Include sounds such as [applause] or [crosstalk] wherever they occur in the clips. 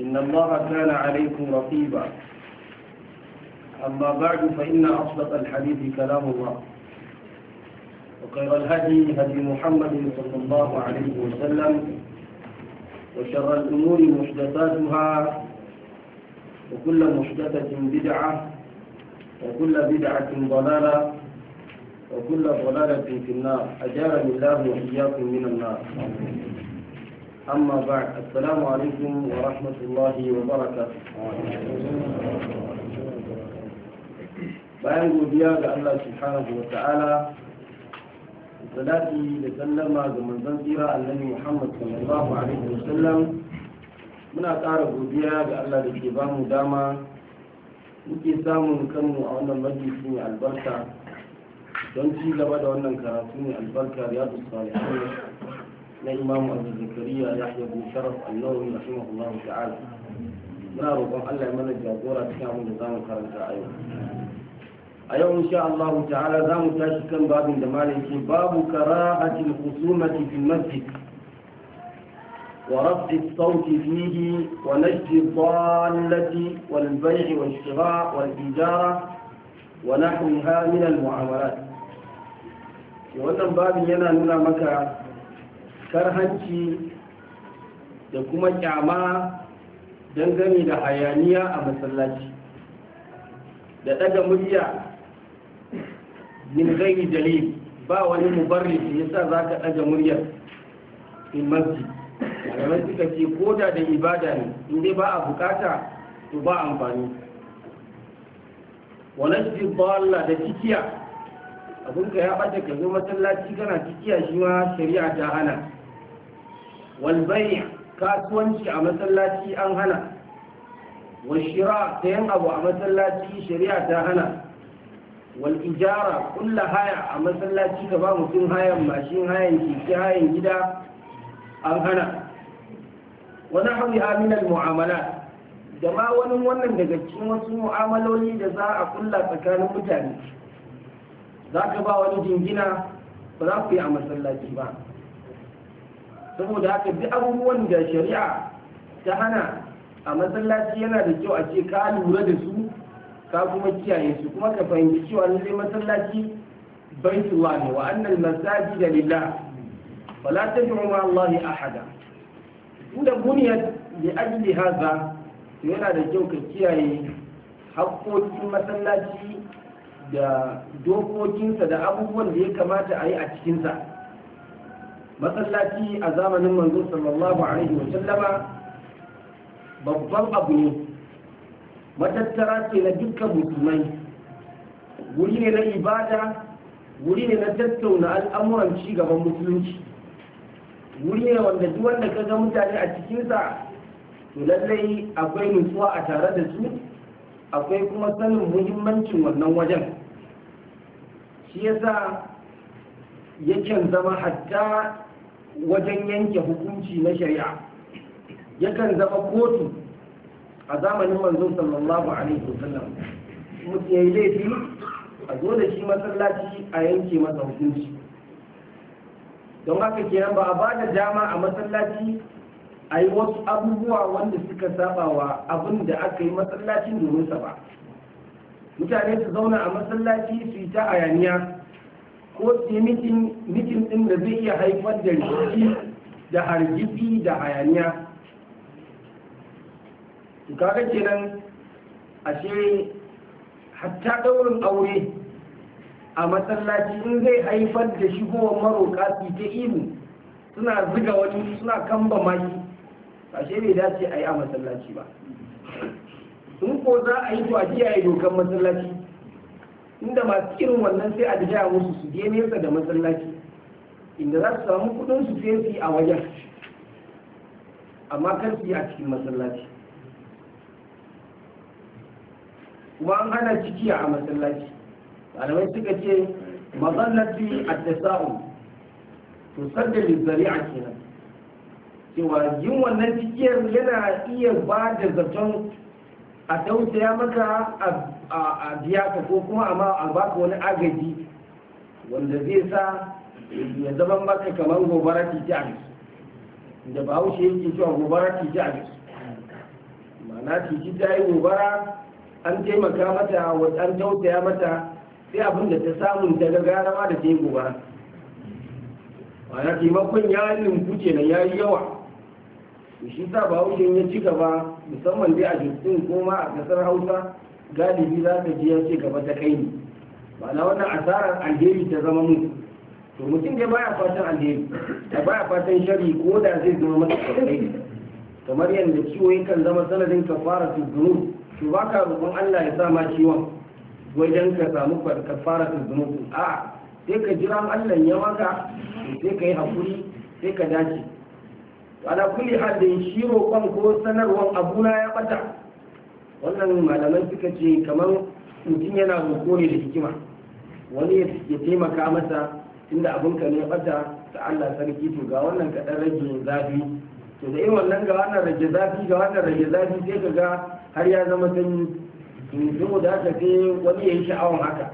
إن الله كان عليكم رقيبا أما بعد فإن أصدق الحديث كلام الله وخير الهدي هدي محمد صلى الله عليه وسلم وشر الأمور محدثاتها وكل محدثة بدعة وكل بدعة ضلالة وكل ضلالة في النار أجارني الله وإياكم من النار أما بعد السلام عليكم ورحمة الله وبركاته bayan godiya ga Allah subhanahu wa ta'ala salati da sallama ga manzon tsira annabi Muhammad sallallahu alaihi wa sallam muna kara godiya ga Allah da ke bamu dama muke samun kanmu a wannan majalisi mai albarka don ci gaba da wannan karatu mai albarka riyadu salihin الإمام أبو زكريا يحيى بن شرف النووي رحمه الله تعالى نارو قم الله من الجابورة كامو نظام خرج أيوة أيوة إن شاء الله تعالى زامو تاشكا باب دماليك باب كراءة الخصومة في المسجد ورفع الصوت فيه ونجد الضالة والبيع والشراء والإيجارة ونحوها من المعاملات. وأنا بابي أنا نقول مكة karhanci da kuma kyama dangane da hayaniya a masallaci da ɗaga murya min gairi dalil ba wani mubarrisi yasa za ka ɗaga muryar in masjid malamai suka ce ko da da ibada ne inda ba a bukata to ba amfani wani shi balla da cikiya abinka ya bata ka zo masallaci kana cikiya shi ma shari'a ta hana walbai kasuwanci a masallaci an hana washira sayan abu a masallaci shari'a ta hana wal'ijara kulla haya a masallaci da ba mutum hayan mashin hayan keke hayan gida an hana wani hauyi aminal mu'amala da ma wani wannan daga cikin wasu mu'amaloli da za a kulla tsakanin mutane za ka ba wani jingina ba za ku yi a masallaci ba saboda haka duk abubuwan da shari'a ta hana a masallaci yana da kyau a ce ka lura da su ka kuma kiyaye su kuma ka fahimci cewa lalle masallaci baitullah ne wa annal masajid lillah fala tad'u ma Allah ahada inda buniyat li ajli hadha to yana da kyau ka kiyaye haƙƙoƙin masallaci da dokokinsa da abubuwan da ya kamata a yi a cikinsa masallaci a zamanin manzo sallallahu alaihi wa sallama babban abu ne matattara ce na dukkan musulmai guri ne na ibada guri ne na tattauna al'amuran ci gaban musulunci guri ne wanda duk wanda ka ga mutane a cikinsa to lallai akwai nutsuwa a tare da su akwai kuma sanin muhimmancin wannan wajen shi yasa yakan zama hatta wajen yanke hukunci na shari'a yakan zama kotu a zamanin manzon sallallahu alaihi wasallam mutum ya yi laifi a zo da shi masallaci a yanke masa hukunci don haka kenan ba a ba da dama a masallaci a yi wasu abubuwa wanda suka saba wa abin da aka yi masallacin domin sa ba mutane su zauna a masallaci su yi ta ayaniya ko su mitin ɗin da zai iya haifar da rikici da hargitsi da hayaniya kaga kenan ashe hatta ɗaurin aure a matsalaci in zai haifar da shigowar maroka su ta ihu suna ziga wani suna kamba maki shi bai dace a yi a matsalaci ba in ko za a yi to a kiyaye dokan matsalaci inda masu irin wannan sai a jaya musu su je nesa da masallaci inda za su samu kudin su sai su a wajen amma kan su yi a cikin masallaci kuma an hana ciki a masallaci malamai suka ce masallaci a tasa'un to sadda lizzari'a kenan cewa yin wannan cikiyar yana iya ba da zaton a tausaya maka a a biya ko kuma a baka wani agaji wanda zai sa ya zama maka kamar gobara titi a ba da bahaushe yake cewa gobara titi a titi ta yi gobara an taimaka mata an tausaya mata sai abin da ta samun ta gara ma da ta yi gobara mana taimakon ya yi linku na ya yi yawa shi sa bahaushe ya ci gaba musamman dai a jikin koma a kasar hausa galibi za ka ji ya ce gaba ta kai ne na wannan asarar alheri ta zama mu to mutum dai baya fatan alheri da baya fatan shari ko da zai zama masa kai kamar yadda ciwo kan zama sanadin kafara su zuru to ba ka roƙon Allah ya sa ma ciwon wajen ka samu kafara su zuru a sai ka jira Allah ya maka sai ka yi hakuri sai ka dace ala kulli hal da shi roƙon ko sanarwar abuna ya bata wannan malaman suka ce kamar mutum yana roƙo ne da hikima wani ya taimaka masa inda abinka ne bata ta Allah sarki to ga wannan kaɗan rage zafi to da irin wannan ga wannan rage zafi ga wannan rage zafi sai ka ga har ya zama sanyi to da aka ce wani ya yi sha'awan haka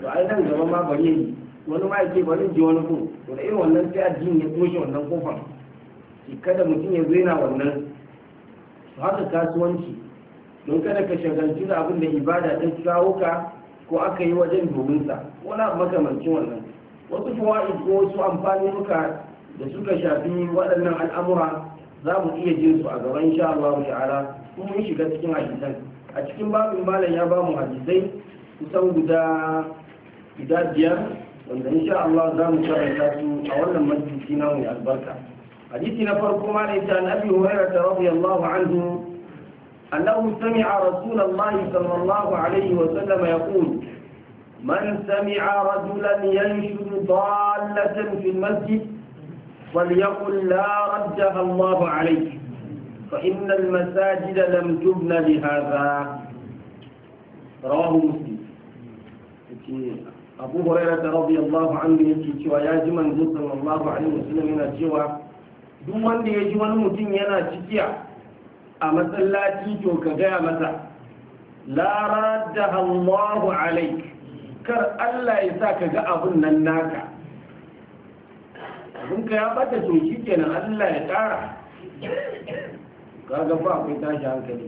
to ai nan gaba ma bari yi wani ma yake bari je wani ko to da irin wannan sai addini ya toshe wannan kofar kada mutum ya zo yana wannan to haka kasuwanci don kada ka shagalci da abin da ibada ta kawo ka ko aka yi wajen domin sa wani abu makamancin wannan wasu fawaid ko wasu amfani muka da suka shafi waɗannan al'amura za mu iya jin su a gaban insha Allah ta'ala kuma mun shiga cikin hadisan a cikin babin malam ya ba mu hadisai kusan guda guda biyar wanda insha Allah za mu karanta su a wannan majalisi na mu albarka hadisi na farko malam ta Nabi Hurairah radiyallahu anhu أنه سمع رسول الله صلى الله عليه وسلم يقول من سمع رجلا ينشد ضالة في المسجد فليقل لا ردها الله عليه فإن المساجد لم تبن لهذا رواه مسلم أبو هريرة رضي الله عنه يكي يا جمن صلى الله عليه وسلم من cewa duk wanda مدين ينا wani a masallaci to ka gaya masa lara da Allahu alaik kar Allah ya sa ka ga abun nan naka ka ya bata to shi kenan Allah ya tara kaga ba akwai tashi hankali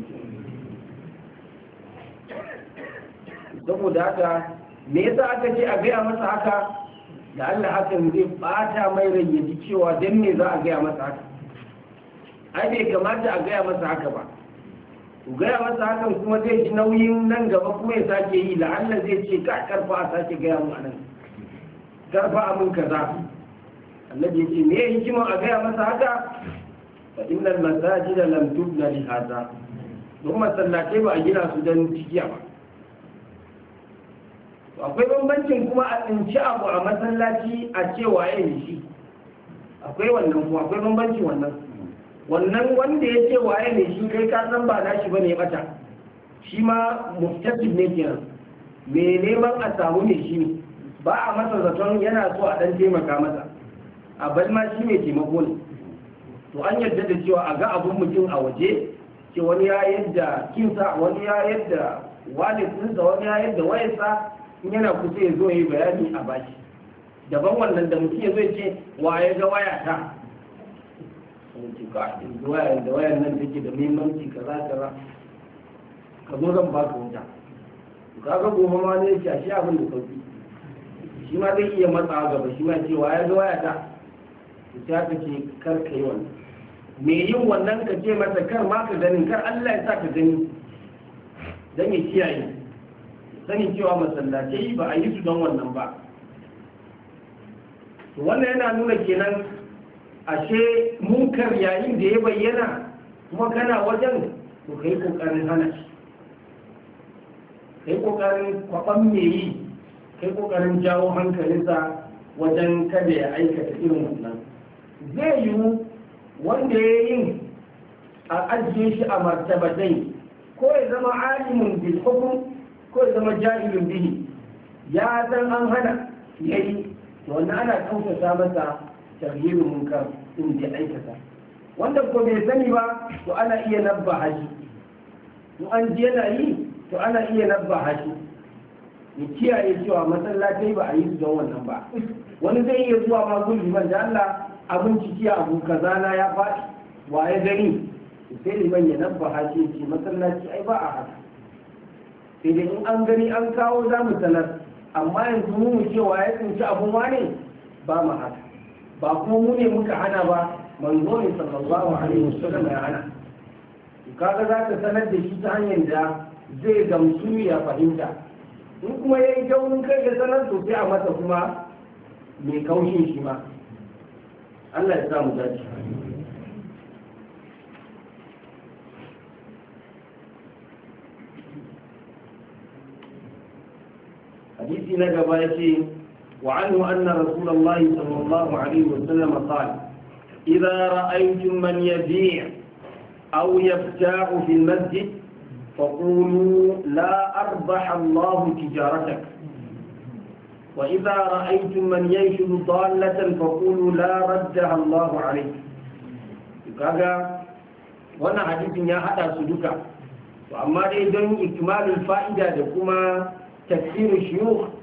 saboda haka me yasa aka ce a gaya masa haka da Allah hakan zai bata mai rai cewa dan me za a gaya masa haka ai bai kamata a gaya masa haka ba ku gaya masa hakan kuma zai ji nauyin nan gaba kuma ya sake yi la'alla zai ce ka karfa a sake gaya mu anan karfa a mun kaza annabi ce me yayi kima a gaya masa haka fa innal masajida lam tubna li hada don masallatai ba a gina su don tikiya ba akwai bambancin kuma a tsinci abu a masallaci a cewa waye shi akwai wannan kuma akwai bambancin wannan wannan wanda ya ce waye ne shi kai ka ba na shi bane mata? shi ma muftasib ne kenan me neman a samu ne shi ne ba a masa zaton yana so a dan taimaka masa a bal ma shi mai taimako ne to an yarda da cewa a ga abun mutum a waje ce wani ya yadda kinsa wani ya yadda walisinsa wani ya yadda sa, in yana kusa ya zo ya yi bayani a baki. daban wannan da mutum ya zo ya ce wa ya ga wayata sai ce ka wayar da wayar nan take da muhimmanci kaza kaza ka zo zan ba ka wuta ka ga goma ma ne ce shi abin da sauki shi ma zai iya matsawa gaba shi ma ce waya ga waya ta ta ka ce kar ka yi wannan me yin wannan ka ce masa kar ma ka ganin kar Allah ya sa ka gani dan ya kiyaye sani cewa masallatai ba a yi su don wannan ba wannan yana nuna kenan ashe munkar yayin da ya bayyana kuma kana wajen to kai kokarin hana shi kai kokarin kwaban me yi kai kokarin jawo hankalinsa wajen kada ya aikata irin wannan zai yiwu wanda ya yi a ajiye shi a martabatai ko ya zama alimin bil hukum ko ya zama jahilin bihi ya san an hana yayi to wannan ana kautata masa tagyiru munkar in da aikata wanda ko bai sani ba to ana iya nabba haji mu an ji yana yi to ana iya nabba haji mu kiyaye cewa masallatai ba a yi don wannan ba wani zai iya zuwa ma man da Allah abun ciki abu kaza na ya faɗi wa ya gani sai liman ya nabba haji ce masallaci ai ba a haka sai dai in an gani an kawo za mu sanar amma yanzu mu wa ya tsinci abun wane ba mu haka ba ko mu ne muka hana ba manzo ne sallallahu alaihi wasallam ya hana kaga za ka sanar da shi ta hanyar da zai gamsu ya fahimta in kuma ya yi taurin kai ya sanar to sai a masa kuma mai kaushin shi ma Allah ya sa mu dace hadisi na gaba ya ce وعنه أن رسول الله صلى الله عليه وسلم قال إذا رأيتم من يبيع أو يفتاع في المسجد فقولوا لا أربح الله تجارتك وإذا رأيتم من ينشد ضالة فقولوا لا ردها الله عليك kaga wannan hadisin ya hada su duka to amma dai don ikmalul fa'ida da kuma tafsirul shuyukh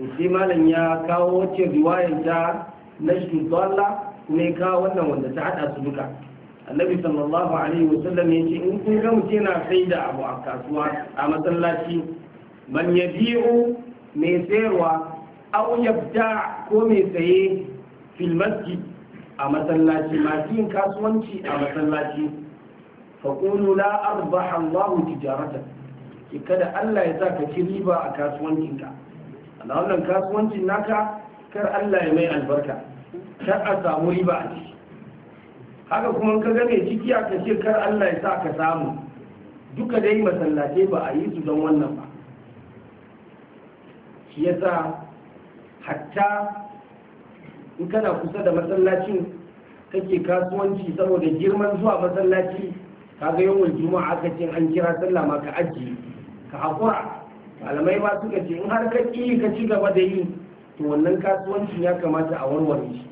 to sai malam ya kawo wacce riwayar ta na shudalla ne kawo wannan wanda ta hada su duka annabi sallallahu alaihi wa sallam ce in kun ga mutum yana sai da abu a kasuwa a masallaci man yabi'u mai sayarwa aw yabda ko mai saye fil masjid a masallaci masu yin kasuwanci a masallaci qulu la arbaha Allahu tijaratak kada Allah ya sa ka ci riba a kasuwancinka da wannan kasuwancin naka kar Allah ya mai albarka kar a samu riba a ciki haka kuma ka gane ciki a ce kar Allah ya sa ka samu duka dai masallatai ba a yi su don wannan ba shi sa, hatta in kana kusa da masallacin kake kasuwanci saboda girman zuwa masallaci kaga yawan juma'a aka ce an kira sallah ma ka ajiye ka haƙura malamai ma suka ce in har ka ƙi ka ci gaba da yi to wannan kasuwanci ya kamata a warware shi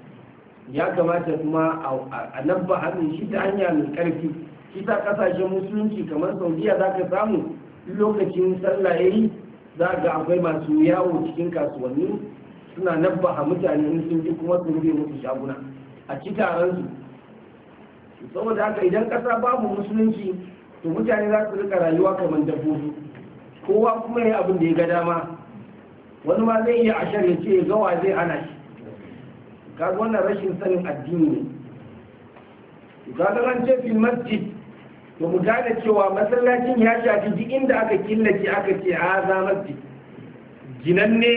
ya kamata kuma a nabba hannun shi ta hanya mai ƙarfi shi ta kasashen musulunci kamar saudiya za ka samu lokacin sallah ya yi za ga akwai masu yawo cikin kasuwanni suna nabba a mutane in sun ji kuma su rufe musu shaguna a ci taron saboda haka idan kasa babu musulunci to mutane za su rika rayuwa kamar dabbobi kowa kuma ya abin da ya ga dama wani ma zai iya ashar ya ce gawa zai ana shi kaga wannan rashin sanin addini ne kaga an ce fil masjid to mu gane cewa masallacin ya shafi duk inda aka killace aka ce a za masjid ginanne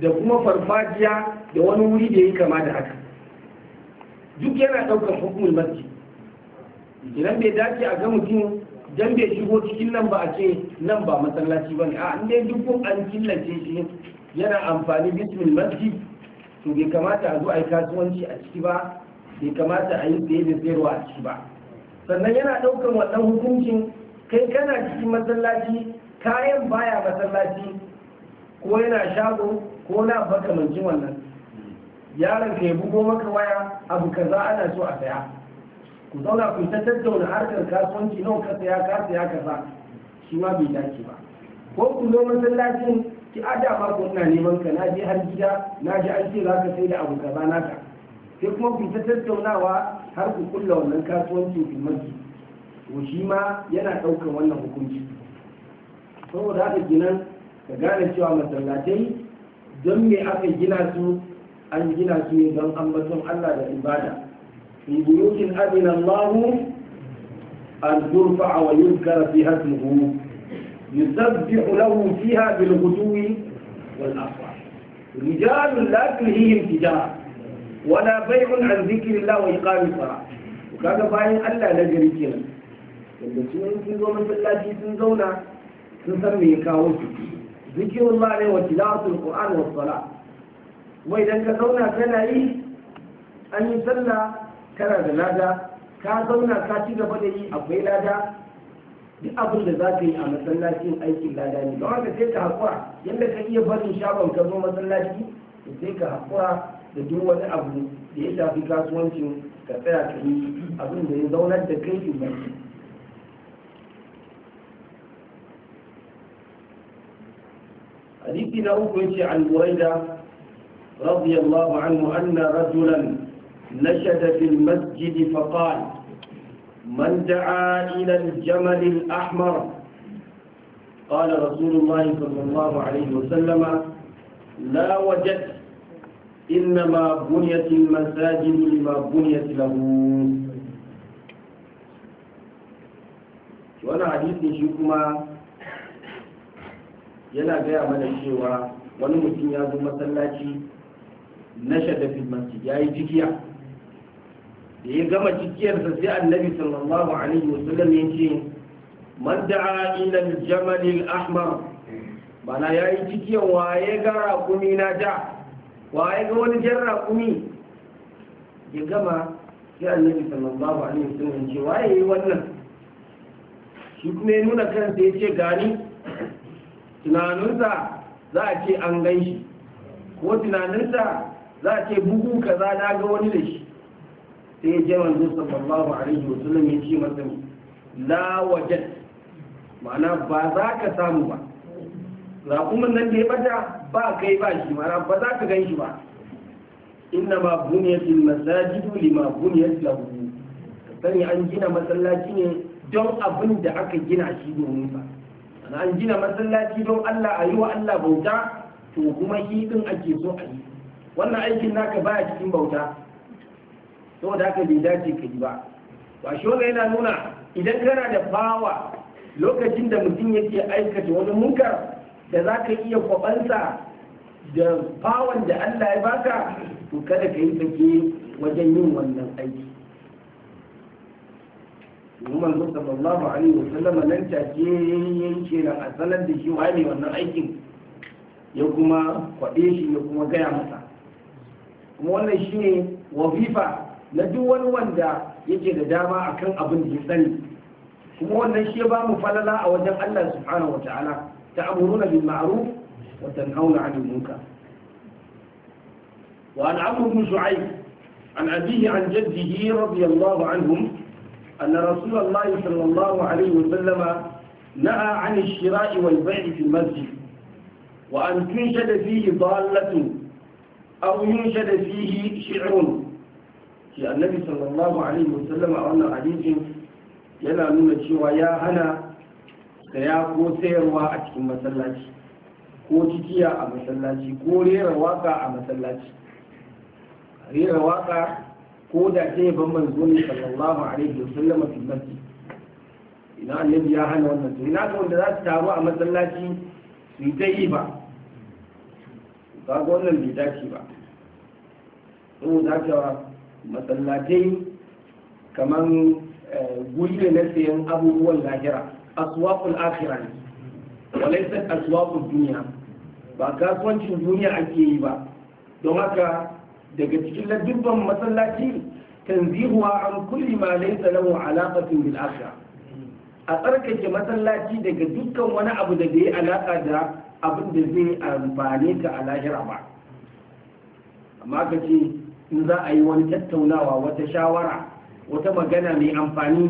da kuma farfajiya da wani wuri da ya kama da haka duk yana ɗaukar hukumul masjid ginan bai dace a ga mutum dan bai shigo cikin nan ba a ce nan ba masallaci ba ne a an dai duk an killace shi yana amfani bismil masjid to bai kamata a zo a yi kasuwanci a ciki ba bai kamata a yi tsaye da tsayarwa a ciki ba sannan yana ɗaukar wannan hukuncin kai kana cikin masallaci kayan baya masallaci ko yana shago ko na makamancin wannan yaron ka ya bugo maka waya abu kaza ana so a saya ku zauna ku ta tattauna harkar kasuwanci nawa ka saya ka saya ka sa shi ma bai dace ba ko ku zo masallacin ki ada ma ina neman ka na je har gida na ji an ce za ka sai da abu kaza naka sai kuma ku ta tattaunawa har ku kulla wannan kasuwanci ku maki to shi ma yana ɗaukar wannan hukunci saboda haka kenan ka gane cewa masallacai don me aka gina su an gina su ne don ambaton Allah da ibada في بيوت أذن الله أن ترفع ويذكر فيها اسمه يسبح له فيها بالغدو والأفراح رجال لا تلهيهم تجارة ولا بيع عن ذكر الله وإقام الصلاة وكان بايع ألا نجري كنا لأنه يمكن زونا في الله جيد من زونا تسمي كاوس ذكر الله عليه القرآن والصلاة وإذا كزونا فنائي إيه؟ أن يسلّى kana da lada ka zauna ka ci gaba da yi akwai lada duk abin da za ka yi a masallacin aikin lada ne don haka sai ka haƙura yadda ka iya barin shagon ka zo masallaci sai ka haƙura da duk wani abu da ya shafi kasuwancin ka tsaya ka yi abin da ya zaunar da kai umarci حديث أبو عن بريدة رضي الله عنه أن رجلا نشد في المسجد فقال من دعا إلى الجمل الأحمر قال رسول الله صلى الله عليه وسلم لا وجدت إنما بنيت المساجد لما بنيت له wannan hadisin shi kuma yana gaya mana cewa wani mutum ya zo masallaci na shadafin masjid ya yi jikiya da ya gama cikiyarsa sai annabi sallallahu alaihi wasallam ya ce man da'a ila al-jamal al-ahmar bana yayi cikiyar waye ga rakumi na da waye ga wani jan rakumi ya gama sai annabi sallallahu alaihi wasallam ya ce waye yayi wannan shi kuma ya nuna kansa ya ce gani tunaninsa za a ce an gan shi ko tunaninsa za a ce bugu kaza na ga wani da shi sai je manzo sallallahu alaihi wa sallam ya ce masa la wajad ma'ana ba za ka samu ba kuma nan da ya bata ba kai ba shi ma'ana ba za ka ganshi ba inna ma buniyatil li ma buniyat lahu sani an gina masallaci ne don abin da aka gina shi domin sa an gina masallaci don Allah a yi wa Allah bauta to kuma shi din ake so a yi wannan aikin naka baya cikin bauta saboda haka bai dace ka yi ba ba shi wannan yana nuna idan kana da fawa lokacin da mutum yake aikata wani munkar da za ka iya kwabansa da bawan da Allah ya baka to kada ka yi sake wajen yin wannan aiki domin manzo sallallahu alaihi sallama nan ta take yanke nan a sanar da shi wani wannan aikin ya kuma kwaɗe shi ya kuma gaya masa kuma wannan shine wazifa na duk wani wanda yake da dama akan abin da ya sani kuma wannan shi ya ba mu falala a wajen Allah subhanahu wa ta'ala ta'muruna bil ma'ruf wa tanhauna 'anil munkar wa an amr bin shu'aib an abihi an jaddihi radiyallahu anhum anna rasulullahi sallallahu alayhi wa sallama نهى عن الشراء والبيع في المسجد وأن تنشد فيه ضالة أو ينشد فيه شعر shi annabi sallallahu alaihi wasallam a wannan hadisin yana nuna cewa ya hana saya ko sayarwa a cikin masallaci ko cikiya a masallaci ko rera waka a masallaci rera waka ko da ce ban manzo ne sallallahu alaihi wasallam a cikin masallaci ina annabi ya hana wannan to ina ga wanda za su taru a masallaci su yi ta yi ba ba ga wannan bai dace ba saboda haka masallatai kamar eh, guri na sayan abubuwan lahira aswakul akira ne walaysa aswakul duniya ba kasuwancin duniya ake yi ba don haka daga cikin ladubban masallaci tanzihuwa an kulli ma laisa lahu bil akhirah a tsarkake masallaci daga dukkan wani abu da zai alaƙa da abin da zai amfane ka a lahira ba amma ka ce in za a yi wani tattaunawa wata shawara wata magana mai amfani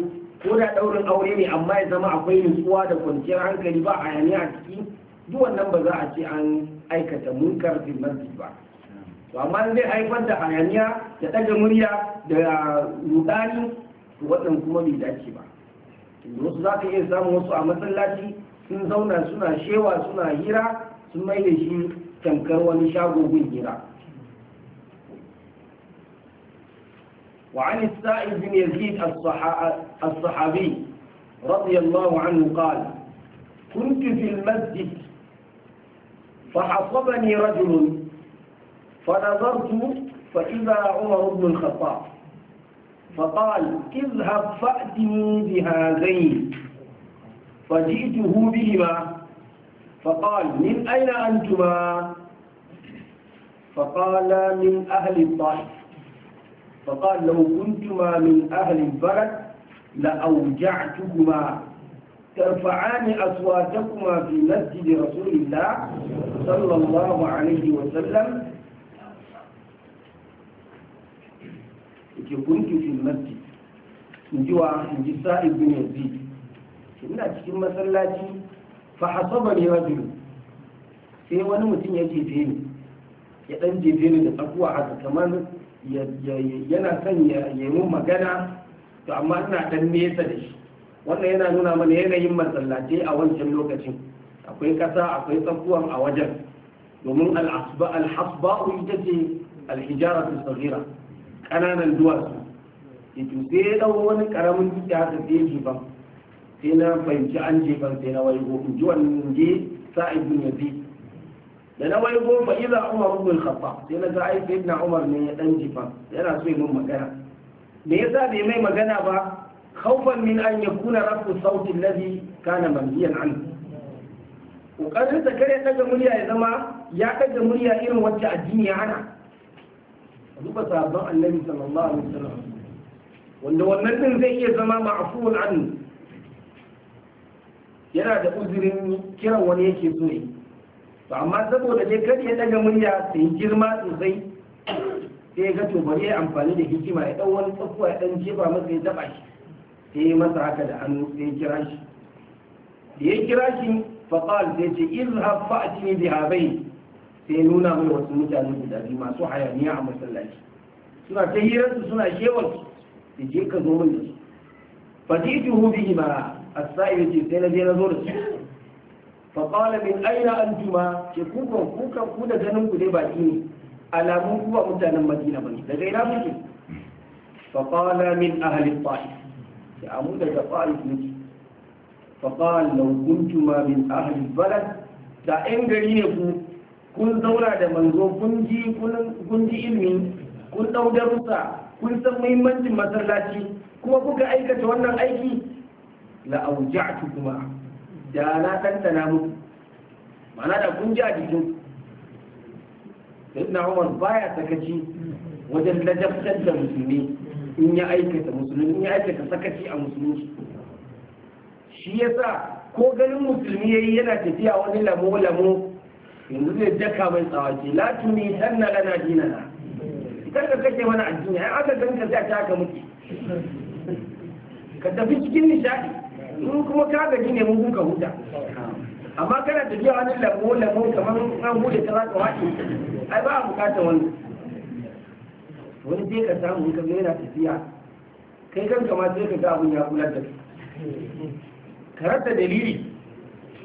ko da ɗaurin aure ne amma ya zama akwai nutsuwa da kwanciyar hankali ba a yani a ciki duk wannan ba za a ce an aikata munkar fil masjid ba to amma zai haifar da hayaniya da ɗaga murya da rudani wannan kuma bai dace ba wasu za ka iya samun wasu a masallaci sun zauna suna shewa suna hira sun mai da shi tamkar wani shago gun hira وعن السائب بن يزيد الصحابي رضي الله عنه قال كنت في المسجد فحصبني رجل فنظرت فإذا عمر بن الخطاب فقال اذهب فأتني بهذين فجئته بهما فقال من أين أنتما فقال من أهل الطائف فقال لو كنتما من أهل البلد لأوجعتكما ترفعان أصواتكما في مسجد رسول الله صلى الله عليه وسلم كنت في المسجد نجوا عند سائب بن يزيد كنا cikin masallaci فحصبني رجل في rajul يجي فيني mutum فيني أقوى حتى كمان yana son ya yi magana to amma ina dan nesa da shi wannan yana nuna mana yanayin masallatai a wancan lokacin akwai kasa akwai tsakuwan a wajen domin alhasba'u ita ce alhijara su tsagira ƙananan duwatsu ito sai ya dau wani ƙaramin dutse haka sai jifan sai na fahimci an jefan sai na waigo in ji wannan je sa'id yazid da na wai gofa iza umar ibn khattab sai na ga ai na umar ne ya dan jifa yana so yi min magana me yasa bai mai magana ba khawfan min an yakuna rafu sauti alladhi kana manhiyan an kokarin sa kare daga murya ya zama ya daga murya irin wacce addini ya hana duba sabon annabi sallallahu alaihi wasallam wanda wannan din zai iya zama ma'fuun an yana da uzurin kiran wani yake so yi to amma saboda ne kar ya daga murya su yi girma sosai sai ga to bari ya amfani da hikima ya dan wani tsakuwa ya dan jefa masa ya taba shi sai ya masa haka da hannu sai ya kira shi da ya kira shi faqal sai ce izhab fa'tini bi habai sai nuna mai wasu mutane guda biyu masu hayaniya a masallaci suna ta hirar su suna shewar su je ka zo mun da su fatijuhu bihima as-sa'i ce sai na je na zo da su faƙala min aina an juma ke kukan kukan ku da ganin ku dai baki ne alamun kuwa mutanen madina bane daga ina muke faƙala min ahalin ta'if sai amu daga ta'if muke faƙala lau kuntuma min ahalin balad da ƴan gari ne ku kun zauna da manzo kun ji kun ilmi kun dau darussa kun san muhimmancin masallaci kuma kuka aikata wannan aiki la auja'tu kuma da na ɗanɗana muku mana da kun ji a jikin sayyidina umar baya sakaci wajen ladabtar da musulmi in ya aikata musulmi in ya aikata sakaci a musulmi shi yasa ko ganin musulmi yayi yana tafiya wani lamo lamo yanzu zai daka mai tsawace la tuni sanna lana dinana kar ka kashe mana addini ai aka ganka sai ta ka muke ka tafi cikin nishadi in kuma ka gaji ne mun kuka huta amma kana tafiya wani lamu-lamu kamar an bude ta zaka wace ai ba a bukatar wani wani sai ka samu ka ga yana tafiya kai kan kama sai ka ga abun ya kula da karar da dalili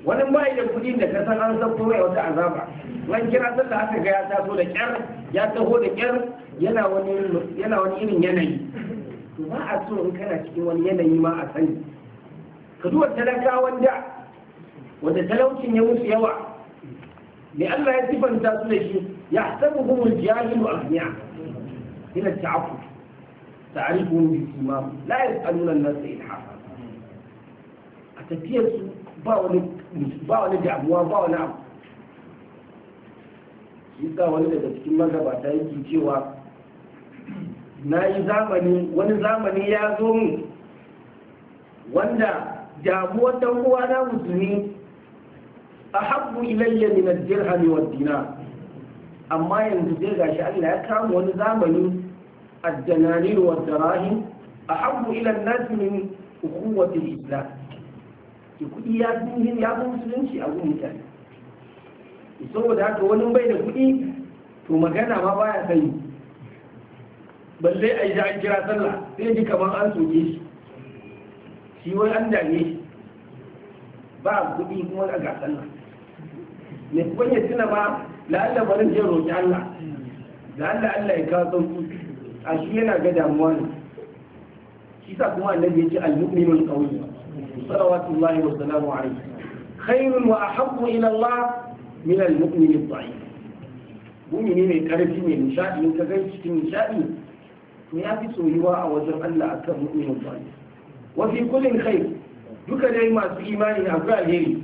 wani ba da kudin da ka san an zafto mai wata azaba wani kira sallah aka ga ya taso da kyar ya taho da kyar yana wani irin yanayi ba a so in kana cikin wani yanayi ma a sani ka duba talakawan da wanda talaucin ya musu yawa me Allah ya sifanta su da shi ya sabu kuma jahilu ahniya ila ta'afu ta'rifuhum bi simam la yas'aluna an-nasa ilhafa a tafiyar su ba wani ba wani damuwa ba wani abu shi sa wani daga cikin ta yi cewa na yi zamani wani zamani ya zo mu wanda damuwar dan uwa na musulmi ahabbu ilayya min ad-dirham wa dinar amma yanzu zai gashi Allah ya kama wani zamani a dananir wa darahim a ila an-nas min ukhuwati al-islam ki kudi ya fi ya bu musulunci a gudun mutane saboda haka wani bai da kuɗi to magana ma baya sani balle a yi an kira sallah sai ji kamar an soke shi shi wani an dame shi ba kuɗi kuma a gasar sallah ne kuma ya tuna ba? la'alla barin zai roƙi Allah la'alla Allah ya kawo sauki a shi yana ga damuwa ne shi sa kuma annabi ya ce al-mu'minu al-qawi salawatullahi wa salamu alayhi khairun wa ahabbu ila Allah min al-mu'min al-da'if mu'mini mai karfi mai nishadi in ka gani cikin nishadi to ya fi soyuwa a wajen Allah akan mu'min al-da'if wafi kullin kai duka dai masu imani akwai alheri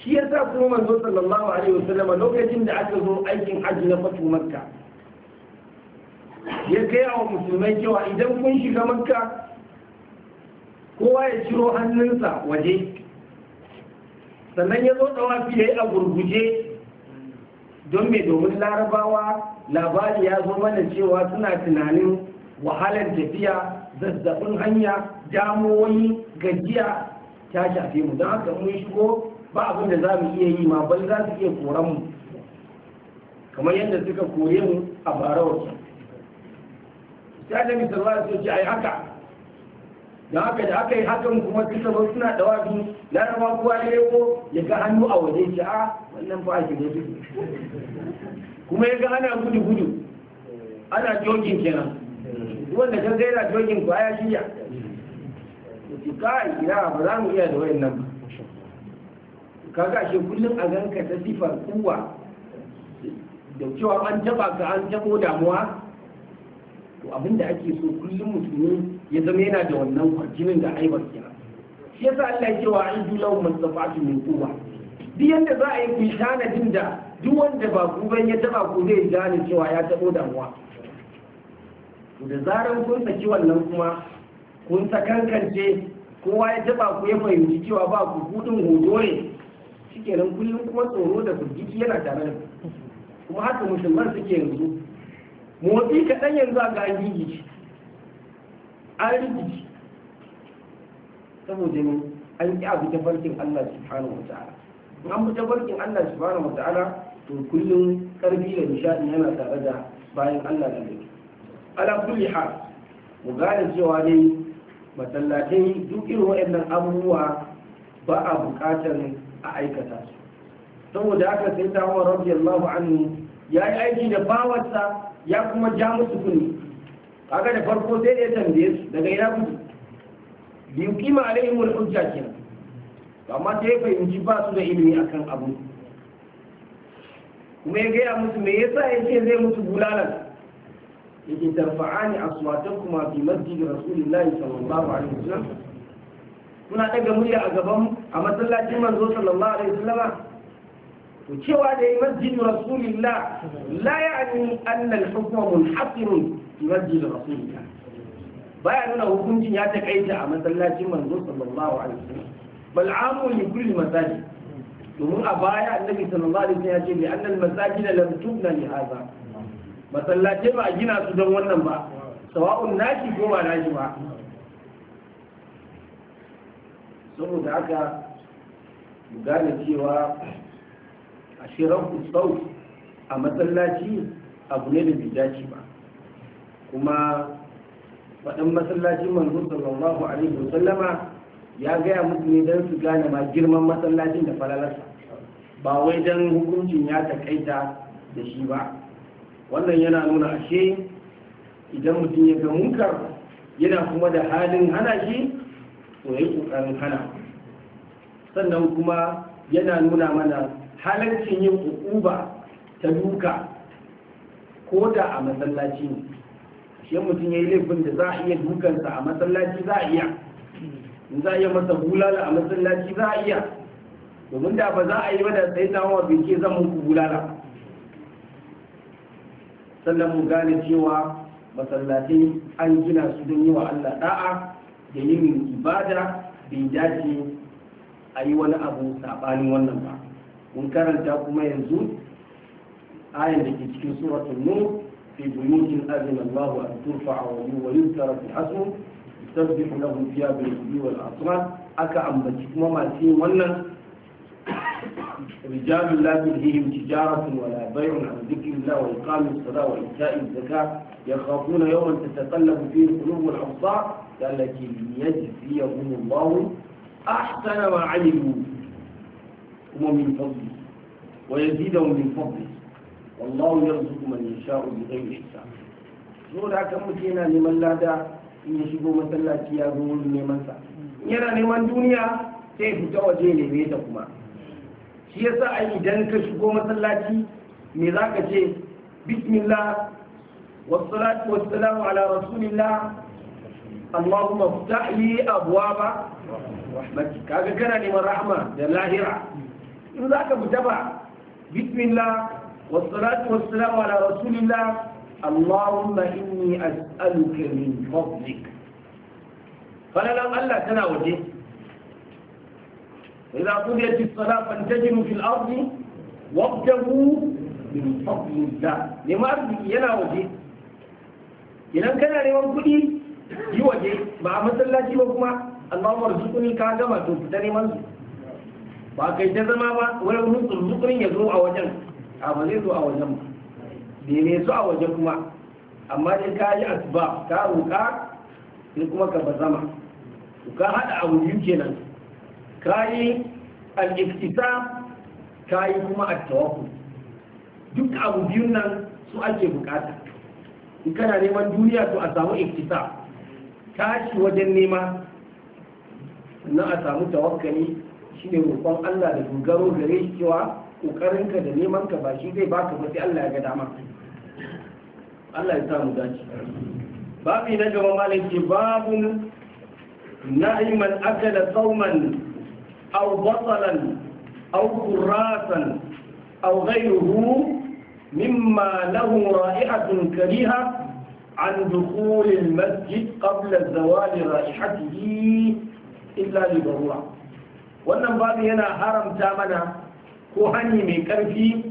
shi ya sa kuma manzo sallallahu alaihi wasallam lokacin da aka zo aikin hajji na fatu makka ya gaya wa musulmai cewa idan kun shiga makka kowa ya ciro hannunsa waje sannan ya zo tsawafi ya yi a gurguje don mai domin larabawa labari ya zo mana cewa suna tunanin wahalar tafiya zazzabin hanya damuwoyi gajiya ta shafe mu don haka mun shigo ba abin da za mu iya yi ma bal za su iya koran mu kamar yadda suka kore mu a bara wacce ta da misal wa su ce ai haka don haka da aka yi hakan kuma suka zo suna dawa su laraba kowa ya ko ya ga hannu a waje ce a ah, wannan ba shi ne kuma ya ga ana gudu gudu ana jogin kenan wanda ta gaira jogin ko ya shirya ce kai ina ba za mu iya da wayan nan kaga ashe kullum a ganka ta sifar kuwa da cewa an taba ka an tabo damuwa to abinda ake so kullum musulmi ya zama yana da wannan kwarjinin da aibar kenan shi yasa Allah ya ce wa aidu lahu mastafatu min quwwa duk yanda za a yi ku tanadin da duk wanda ba ku ban ya taba ku zai gane cewa ya tabo damuwa to da zaran kun saki wannan kuma kun sakankance kowa ya taba ku ya fahimci cewa ba ku gudun hoto ne shikenan kullum kuma tsoro da firgici yana tare da ku kuma haka musulman suke yanzu motsi kaɗan yanzu a ga an gigici an rigici saboda ne an ƙi abu ta farkin Allah subhanahu wa ta'ala in an bi ta farkin Allah subhanahu wa ta'ala to kullum karfi da nishaɗi yana tare da bayan Allah da ne ala kulli hal mu gane cewa dai masallatai duk irin waɗannan abubuwa ba a buƙatar a aikata su saboda haka sai ta wa radiyallahu anhu ya yi aiki da bawarsa ya kuma ja musu kuni kaga da farko sai ya tambaye su daga ina kuke biyu kima alaihim wal hujja kenan amma sai ya fahimci ba su da ilimi akan abu kuma ya gaya musu me yasa ya ce zai musu bulalan yake tarfa'ani aswatakuma fi masjid rasulillahi sallallahu alaihi wasallam kuna daga murya a gaban a masallacin manzo sallallahu alaihi wasallam to cewa da yi masjid rasulillah la ya'ni anna al-hukma munhasirun fi masjid rasulillah baya nuna hukuncin ya takaita a masallacin manzo sallallahu alaihi wasallam bal amu li kulli masajid domin a baya annabi sallallahu alaihi wasallam ya ce bi anna al-masajid lam tubna li hadha masallace ba a gina su don wannan ba sawa'un nashi ko ba nashi ba saboda haka mu gane cewa a shirar kusau a masallaci abu ne da bai ba kuma faɗin masallacin manzo sallallahu alaihi wasallama ya gaya musu ne don su gane ma girman masallacin da falalarsa ba wai don hukuncin ya takaita da shi ba wannan yana nuna ashe idan mutum ya ga munkar yana kuma da halin hana shi to ya yi ƙoƙarin hana sannan kuma yana nuna mana halarcin yin uba ta duka ko da a masallaci ne shi mutum ya yi laifin da za a iya dukansa a masallaci za a iya in za a iya masa bulala a masallaci za a iya domin da ba za a yi ba sai na wa bai ke zan muku bulala sannan mu gane cewa masallatai an gina su don yi wa Allah da'a da yin ibada bai dace a yi wani abu saɓanin wannan ba mun karanta kuma yanzu ayan da ke cikin suratun nur fi buyutin azina Allah a wani wa yuzkara fi hasmu yusabbihu lahu fiha bil wal asrar aka ambaci kuma masu yin wannan رجال لا تلهيهم تجارة ولا بيع عن ذكر الله وإقام الصلاة وإيتاء الزكاة يخافون يوما تتقلب فيه القلوب والأبصار التي ليجزيهم الله أحسن ما علموا هم من فضله ويزيدهم من فضله والله يرزق من يشاء بغير حساب سورة كم mutum لمن لا lada إن يشبه مثلا masallaci ya لمن wurin neman sa yana neman duniya shi yasa ai idan ka shigo masallaci me za ka ce bismillah wassalatu wassalamu ala rasulillah allahumma ftah abuwa ba. rahmatik kaga kana neman rahma da lahira in za ka fita ba bismillah wassalatu wassalamu ala rasulillah اللهم إني أسألك من فضلك Falalan Allah tana waje. فإذا قضيت الصلاة فانتجلوا في الأرض وابتغوا من فضل الله لما أرضي ينا وجه إذا كان neman kuɗi yi waje ba a masallaci ba kuma Allah warzuquni ka gama to fita neman ba kai ta zama ba wani rutsun ya zo a wajen a zai zo a wajen ba bai ne su a waje kuma amma in ka yi asba ka roƙa in kuma ka bazama ka haɗa abu biyu kenan kayi al kayi kuma at-tawakkul duk abu biyun nan su ake bukata in kana neman duniya to a samu iftita tashi wajen nema na a samu tawakkali shine roƙon Allah da dogaro gare shi cewa ka da neman ka ba shi zai baka ba sai Allah ya ga dama Allah ya samu dace babu na gaba malam babu na'iman akala sauman أو بطلا أو كراسا أو غيره مما له رائحة كريهة عن دخول المسجد قبل زوال رائحته إلا لضرورة wannan babu yana haramta mana ko hani mai ƙarfi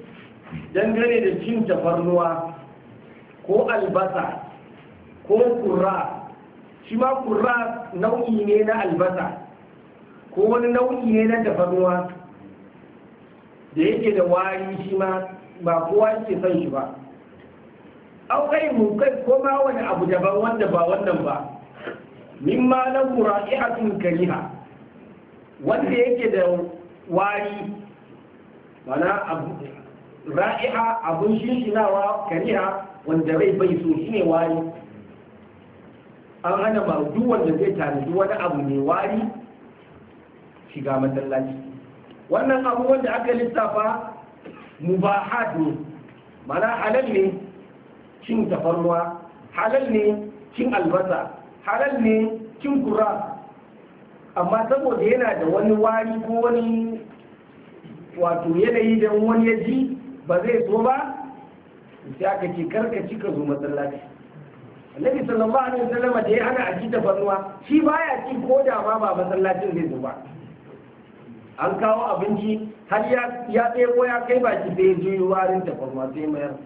dangane da cin tafarnuwa ko albasa ko kurra shi ma kurra nau'i ne na albasa ko wani nau'i ne na tafarnuwa da yake da wari shi ma ba kowa yake son shi ba au kai mu kai ko ma wani abu daban wanda ba wannan ba mimma na qura'iatun kariha wanda yake da wari mana abu ra'iha abun shinshinawa kariha wanda rai bai so shine wari an hana ma duk wanda zai duk wani abu mai wari shiga masallaci wannan abubuwan da aka lissafa mubahat ne mana halal ne cin tafarnuwa halal ne cin albasa halal ne cin kura amma saboda yana da wani wari ko wani wato yanayi da wani ya ji ba zai so ba sai aka ce karka cika zo masallaci annabi sallallahu alaihi wasallam da ya hana a ci tafarnuwa shi baya ci ko da ma ba masallacin zai zo ba an kawo abinci har ya ɗebo ya kai baki sai ya juyi warin tafarma sai mayar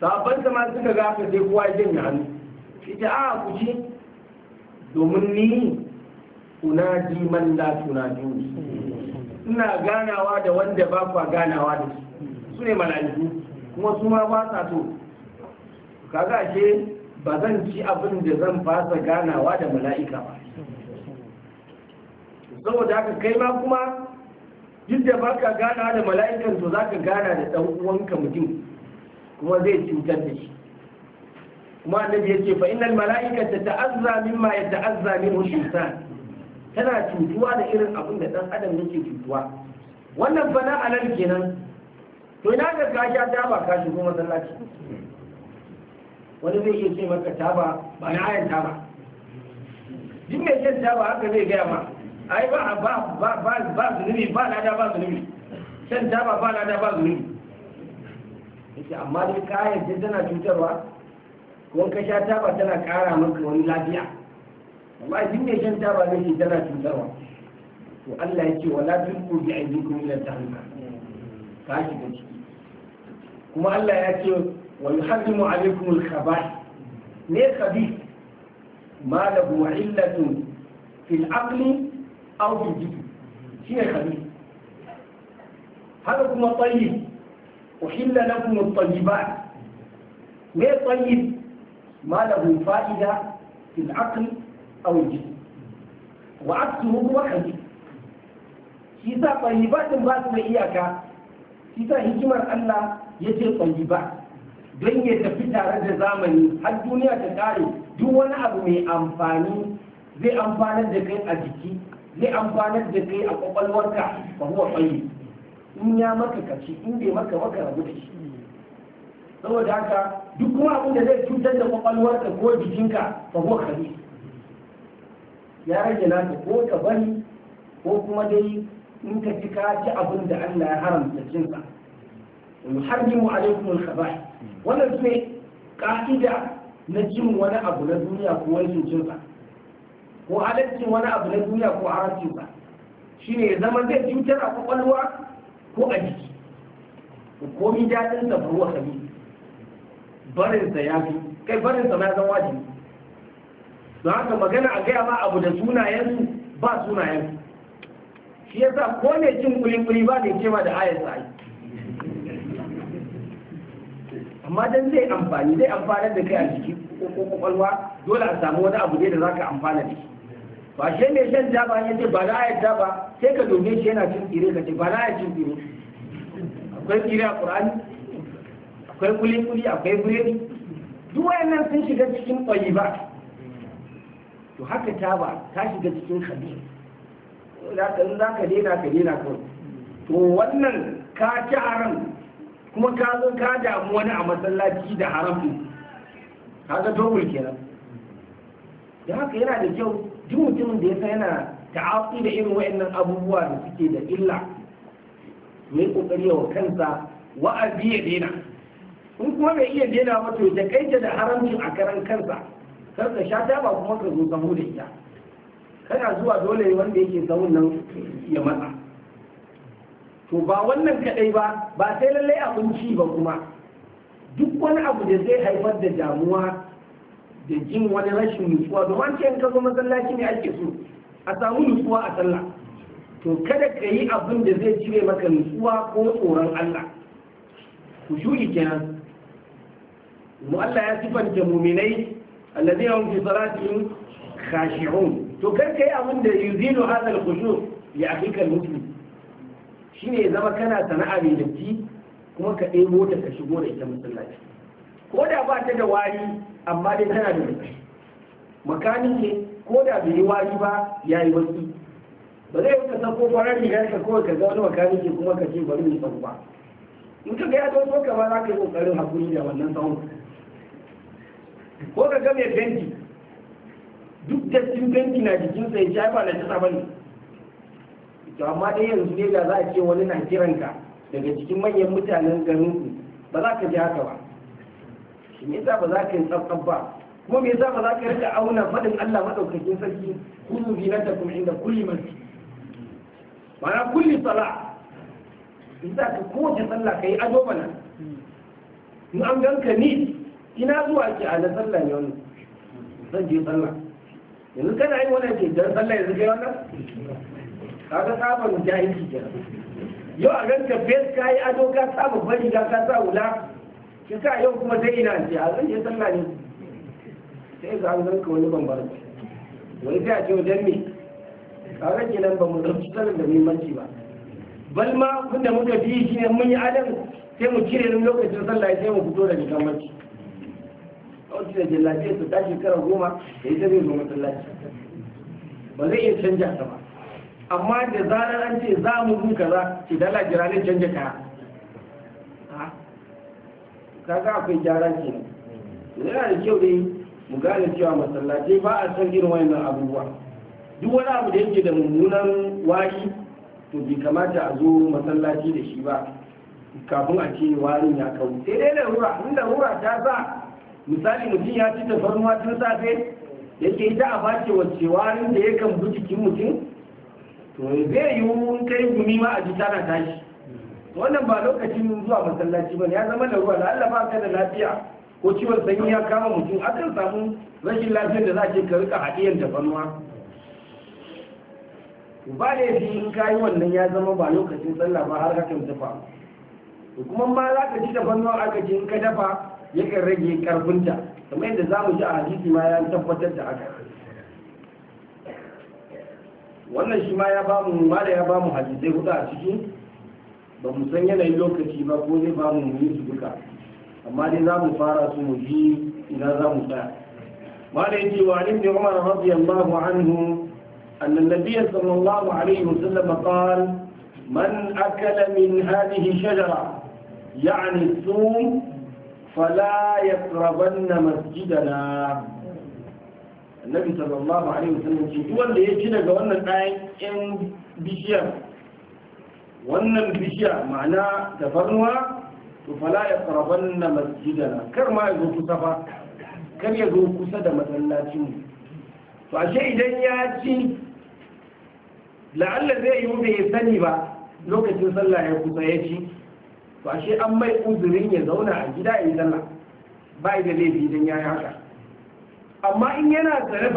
sabon sama suka ga haka sai kowa jin ya hannu ita a ah, ku ci domin ni kuna ji man la tunaju ina ganawa da wanda ba kwa ganawa da su ne kuma su ma ba sa so kaga ce ba zan ci abin da zan fasa ganawa da mala'ika ba saboda haka kai ma kuma yadda ba ka gana da mala'ikan to za ka gana da ɗan uwanka mutum kuma zai cutar da shi kuma annabi ya ce fa innal mala'ikata ta'azza mimma yata'azza minhu shaytan tana cutuwa da irin abin da ɗan adam yake cutuwa wannan fa na alal kenan to ina ga ka ta ba kashi kuma masallaci wani zai iya ce maka taba ba na ayan taba duk mai shan taba haka zai gaya ma ai ba ba ba ba ba zunubi ba lada ba zunubi shan taba ba lada ba zunubi yace amma dai ka yarda tana cutarwa ko ka sha taba tana kara maka wani lafiya amma duk mai shan taba ne shi tana cutarwa to Allah yace wala tulqu bi aydikum ila tahluka ka shiga ciki kuma Allah ya ce wa yuharrimu alaykum al-khaba'ith ne khabith ma lahu illatun fil aqli audin jitu shi ne khabis haka kuma tayyib uhilla lakum at-tayyibat me tayyib ma lahu fa'ida fil aql aw al-jism wa aksuhu huwa khabis shi sa tayyibatin ba su da iyaka shi sa hikimar Allah ya ce tayyibat don ya tafi tare da zamani har duniya ta kare duk wani abu mai amfani zai amfanar da kai a jiki zai amfanar da kai a kwakwalwarka ba huwa in ya maka kaci in bai maka maka rabu da shi saboda haka duk kuma abin da zai cutar da kwakwalwarka ko jikinka ba huwa kari ya rage naka ko ka bari ko kuma dai in ka ci ka abin da Allah ya haramta cinsa yuharrimu alaikum al-khaba'i wannan sune ka'ida na jin wani abu na duniya ko wani cinsa ko halittin wani abu na duniya ko haramci ba shine ya zama zai cutar a kwakwalwa ko a jiki komi daɗin sa ruwa barinsa ya fi kai barinsa na zan wajibi don haka magana a gaya ma abu da sunayensu ba sunayensu shi ya sa ko ne cin kuli-kuli ba ne ma da ayar sa amma dan zai amfani zai amfani da kai a jiki ko kwakwalwa dole a samu wani abu ne da za ka amfana da shi ba shi mai shan taba ya ce ba za a yadda ba sai ka dome shi yana cin tsire ka ce ba za a cin tsire akwai tsire a ƙur'ani akwai kuli-kuli akwai biredi duk wayannan sun shiga cikin ƙwayi ba to haka ba ta shiga cikin hadis za ka daina ka daina kawai to wannan ka ci haram kuma ka zo ka damu wani a masallaci da haram ne ka ga tobul kenan da haka yana da kyau duk mutumin da ya san yana ta'afi da irin wa'annan abubuwa da suke da illa mai kokari wa kansa wa'azi ya daina in kuma bai iya daina ba to ya kaita da haramcin a karan kansa kar ka sha ba kuma ka zo samu da ita kana zuwa dole wanda yake zaun nan ya matsa to ba wannan kadai ba ba sai lallai abinci ba kuma duk wani abu da zai haifar da damuwa da jin wani rashin nutsuwa domin ce in ka masallaci ne ake so a samu nutsuwa a sallah to kada ka yi abin da zai cire maka nutsuwa ko tsoron Allah ku shuri kenan mu Allah ya sifanta muminai alladhi hum fi salatihim khashi'un to kar ka yi abin da yuzilu hadha al-khushu' ya akika al-muslim shine ya zama kana sana'a mai datti kuma ka ɗebo ta ka shigo da ita masallaci ko da ba ta da wari amma dai tana da baki makamin ne ko da bai yi wari ba ya yi wasu ba zai yi kasar ko farar ne ka kowa ka zaune makamin ke kuma ka ce bari mu tsawo ba in ka ga ya zo ka ba za ka yi kokarin hakuri da wannan tsawon ko ka ga mai fenti duk da cikin fenti na sai ya ba na ta ba ne to amma dai yanzu ne da za a ce wani na kiranka daga cikin manyan mutanen garin ku ba za ka ji haka ba shi me yasa ba za ka yi tsaftsaf ba kuma me yasa ba za ka rika auna faɗin Allah madaukakin sarki kullu zinatakum inda kulli masjid ma'ana kulli salah yasa ka kowace sallah kai ado bana in an ganka ni ina zuwa ki a sallah ne wannan zan je sallah yanzu kana yin wannan ke dan sallah yanzu kai wannan kaga saban jahilci kenan yau a ganka ka yi ado ka saba bari ga ka sa wula shi sa yau kuma ta ina ce a zan je sallah ne sai a an zanka wani bambar wai sai a ce wajen me ke nan ba mu dauki sallar da muhimmanci ba bal ma da muka fi shi ne mun yi adam sai mu cire nan lokacin sallah sai mu fito da jikan mace kawai da jallafiya su ta shekara goma da ita zai zo masallaci ba zai iya canja ta ba amma da zarar an ce za mu bi kaza ki dala jira ne canja kaya kaga akwai gyara ke yana da kyau dai mu gane cewa masallaci ba a san irin wayannan abubuwa duk wani abu da yake da mummunan wari to bai kamata a zo masallaci da shi ba kafin a ce warin ya kawo sai dai da rura inda rura ta sa misali mutum ya ci farnuwa tun safe yake ita a bace wacce warin da yakan bi jikin mutum to zai yiwu in kai gumi ma a ji tana tashi wannan ba lokacin zuwa masallaci ba ya zama da ruwa da Allah ba ka da lafiya ko ciwon sanyi ya kama mutum akan samu rashin lafiyar da za ka rika haɗiyan tafarnuwa ba da yafi in kayi wannan ya zama ba lokacin sallah ba har ka ta faru kuma ma za ka ci tafarnuwa aka ce in ka dafa yakan rage karfinta kamar yadda za mu ji a hadisi ma ya tabbatar da haka wannan shi ma ya bamu ma da ya bamu hadisai hudu a ciki ba mu san yanayin lokaci ba ko zai ba mu yi su duka amma dai za mu fara su mu ji idan za mu tsaya mala yake wa ibn umar radiyallahu anhu anna nabiyya sallallahu alaihi wasallam qala man akala min hadhihi shajara yani sum fala yaqrabanna masjidana annabi sallallahu alaihi wasallam ce duk wanda ya ci daga wannan ɗayan bishiyar wannan bishiya ma'ana tafarnuwa to fala ya karaban na na kar ma ya zo kusa ba kar ya zo kusa da masallacinmu to ashe idan ya ci la'alla zai yi bai sani ba lokacin sallah ya kusa ya ci to ashe an mai uzurin ya zauna a gida ya yi sallah ba da laifi idan ya yi haka amma in yana tsare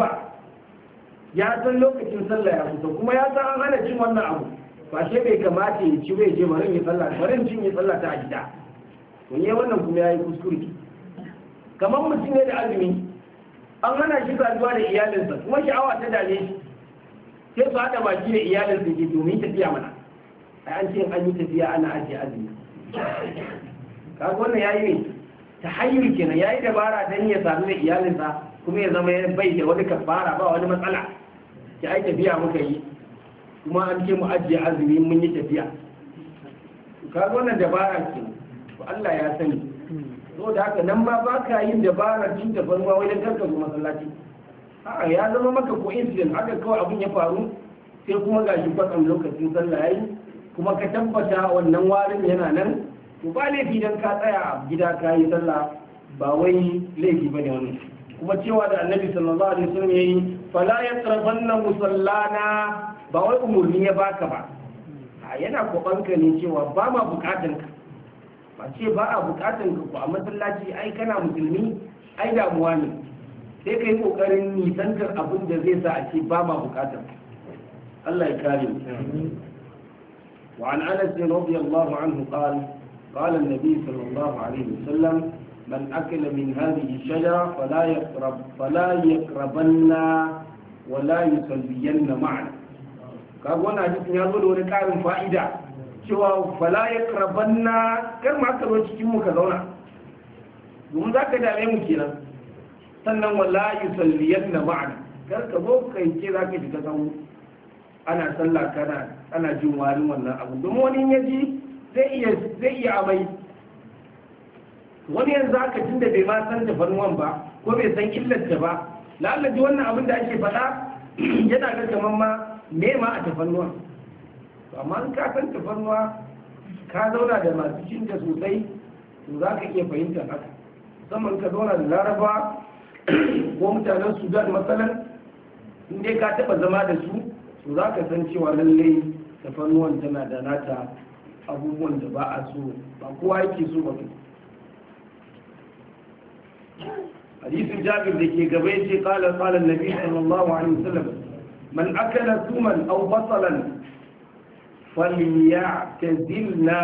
ya san lokacin sallah ya kusa kuma ya san an hana cin wannan abu ba bai kamata ya ci bai je marin ya tsalla marin cin ya tsalla ta a gida kun yi wannan kuma ya yi kuskure kamar mutum ne da azumi an hana shi zuwa da iyalinsa kuma sha'awa ta dame shi sai su haɗa baki da iyalinsa ke domin tafiya mana ai an ce an yi tafiya ana ajiye azumi kaga wannan ya yi ne ta hanyar kenan ya yi dabara don ya samu da iyalinsa kuma ya zama ya bai da wani kafara ba wani matsala ki aika tafiya muka yi kuma an ce mu ajiye azumi mun yi tafiya ka na dabara ke to Allah ya sani so da haka nan ba ba ka yin dabara tun da farma wajen karka masallaci a'a ya zama maka ko incident haka kawai abin ya faru sai kuma ga shi kwatsam lokacin sallah yayi kuma ka tabbata wannan warin yana nan to ba laifi dan ka tsaya a gida ka yi sallah ba wai laifi bane wannan kuma cewa da annabi sallallahu alaihi wasallam yayi fala yatrabanna musallana ba wai umarni ya baka ba a yana kwabanka ne cewa ba ma bukatan ka ba ce ba a bukatan ka ku a masallaci ai kana musulmi ai damuwa ne sai ka yi kokarin nisantar abin da zai sa a ce ba ma bukatan Allah ya kare mu wa an anas radiyallahu anhu qala قال النبي صلى الله عليه وسلم من أكل من هذه الشجرة فلا يقرب فلا يقربن ولا يصلين معنا kaga wannan hadisin ya zo da wani karin fa'ida cewa Bala ya na kar ma ka zo cikin mu ka zauna domin za ka dame mu kenan sannan wala salliyar na ma'ana kar ka zo ka yi ce za ka shiga sahu ana sallah kana ana jin warin wannan abu domin wani ya ji zai iya zai iya amai wani yanzu haka tunda bai ma san da tafarnuwan ba ko bai san illar ta ba la'alla ji wannan abin da ake faɗa [clears throat] yana ga kamar ma nema a tafarnuwa amma ka san tafarnuwa ka zauna da masu cinta sosai to za ka iya fahimtar haka musamman ka zauna da laraba ko mutanen sudan matsalar in ka taba zama da su to za ka san cewa lallai tafarnuwan tana da nata abubuwan da ba a so ba kowa yake so ba hadisin jabir da ke gaba yace qala qala annabi sallallahu alaihi wasallam من أكل ثما أو بصلا فليعتزلنا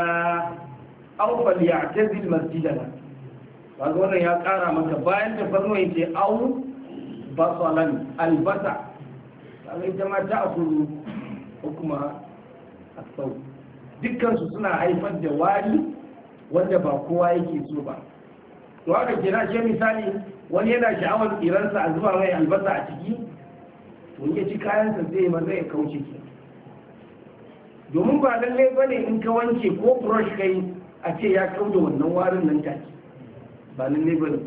أو فليعتزل مسجدنا kaga wannan ya kara maka bayan da farno yake au basalan albasa kaga ita ma ta akulu hukuma asau dukkan su suna haifar da wari wanda ba kowa yake so ba to haka kira shi misali wani yana sha'awar iransa a zuba mai albasa a ciki to ya ci kayansa zai ma ya kauce ki domin ba lallai ba ne in ka wanke ko brush kai a ce ya kau wannan warin nan take ba lallai ba ne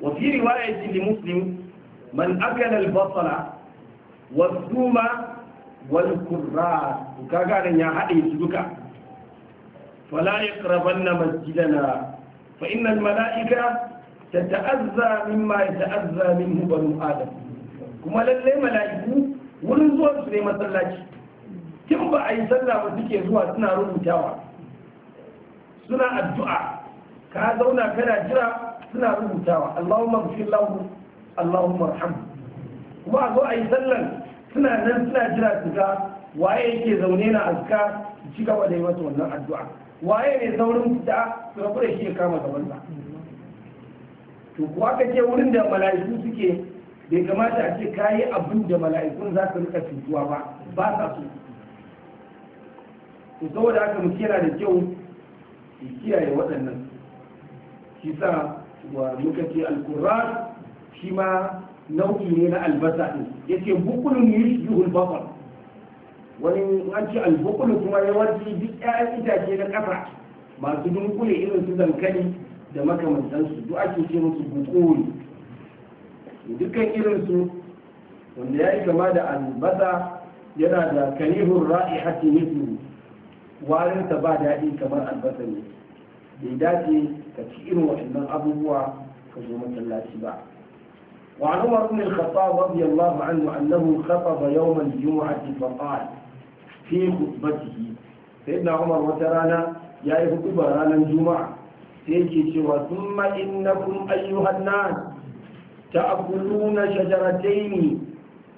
wafi riwaya li muslim man akala al-basala wa suma wal-qurra kaga nan ya hade su duka fala yaqrabanna masjidana fa innal mala'ika tata'azza mimma yata'azza minhu banu adam kuma lalle mala'iku wurin zuwan su ne masallaci tun ba a yi sallah ba suke zuwa suna rubutawa suna addu'a ka zauna kana jira suna rubutawa Allahumma ghfir lahu Allahumma arhamhu kuma a zo a yi sallan suna nan suna jira su ga waye yake zaune na aska ci gaba da yi masa wannan addu'a waye ne saurin fita su rabu da shi ya kama gaban gabansa to kuwa ka ce wurin da mala'iku suke bai kamata a ce kayi abin da mala'ikun za su rika cutuwa ba ba sa su to saboda haka mu kira da kyau ki kiyaye waɗannan shi sa wa muka ce shi ma nau'i ne na albasa din bukulu bukulun yushbihul bakwai wani an ce albukulu kuma yawanci duk yayan itace na ƙasa masu dunkule irin su dankali da makamantansu duk ake ce musu bukuri dukkan irinsu wanda ya yi kama da albasa yana da karihun ra'i hati nufi warinsa ba daɗi kamar albasa ne bai dace ka ci irin waɗannan abubuwa ka zo masallaci ba وعن عمر بن الخطاب رضي الله عنه أنه خطب يوم الجمعة فقال في خطبته سيدنا عمر وترانا يا خطبة رانا الجمعة sai yake cewa thumma innakum ayyuhan ta ta'kuluna shajaratayn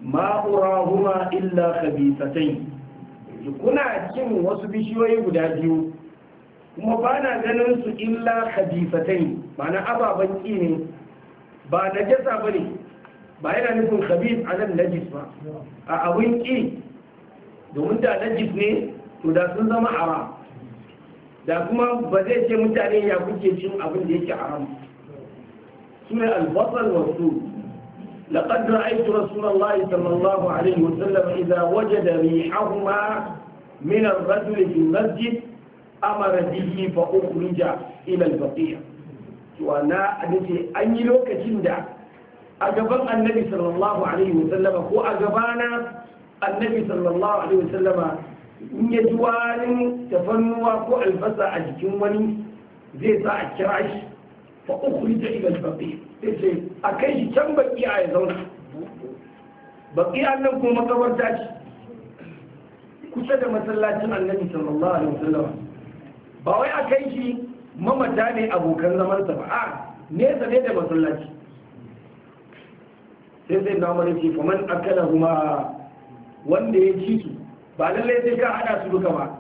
ma urahuma illa khabithatayn kuna cin wasu bishiyoyi guda biyu kuma ba na ganin su illa khabithatayn ma'ana ababan ne ba najasa bane ba yana nufin khabith anan najis ba a abin ki domin da najis ne to da sun zama haram da kuma ba zai ce mutane ya kuke cin abin da yake haram sune al-basal wa su laqad ra'aytu rasulullahi sallallahu alaihi wa sallam idha wajada rihahuma min ar-rajuli fi masjid amara bihi fa ukhrija ila al-baqiya to na adace an yi lokacin da a gaban annabi sallallahu alaihi wa sallama ko a gabana annabi sallallahu alaihi wa sallama in ya ji warin tafannuwa ko albasa a jikin wani zai sa a kira shi fa ukhrija ila al-baqi sai a kai shi can baki a ya zauna baki nan kuma makabarta ce kusa da masallacin annabi sallallahu alaihi wasallam ba wai a kai shi mamata ne abokan zaman sa ba a nesa ne da masallaci sai sai na mara ce faman akala huma wanda ya ci su ba lallai sai ka hada su duka ba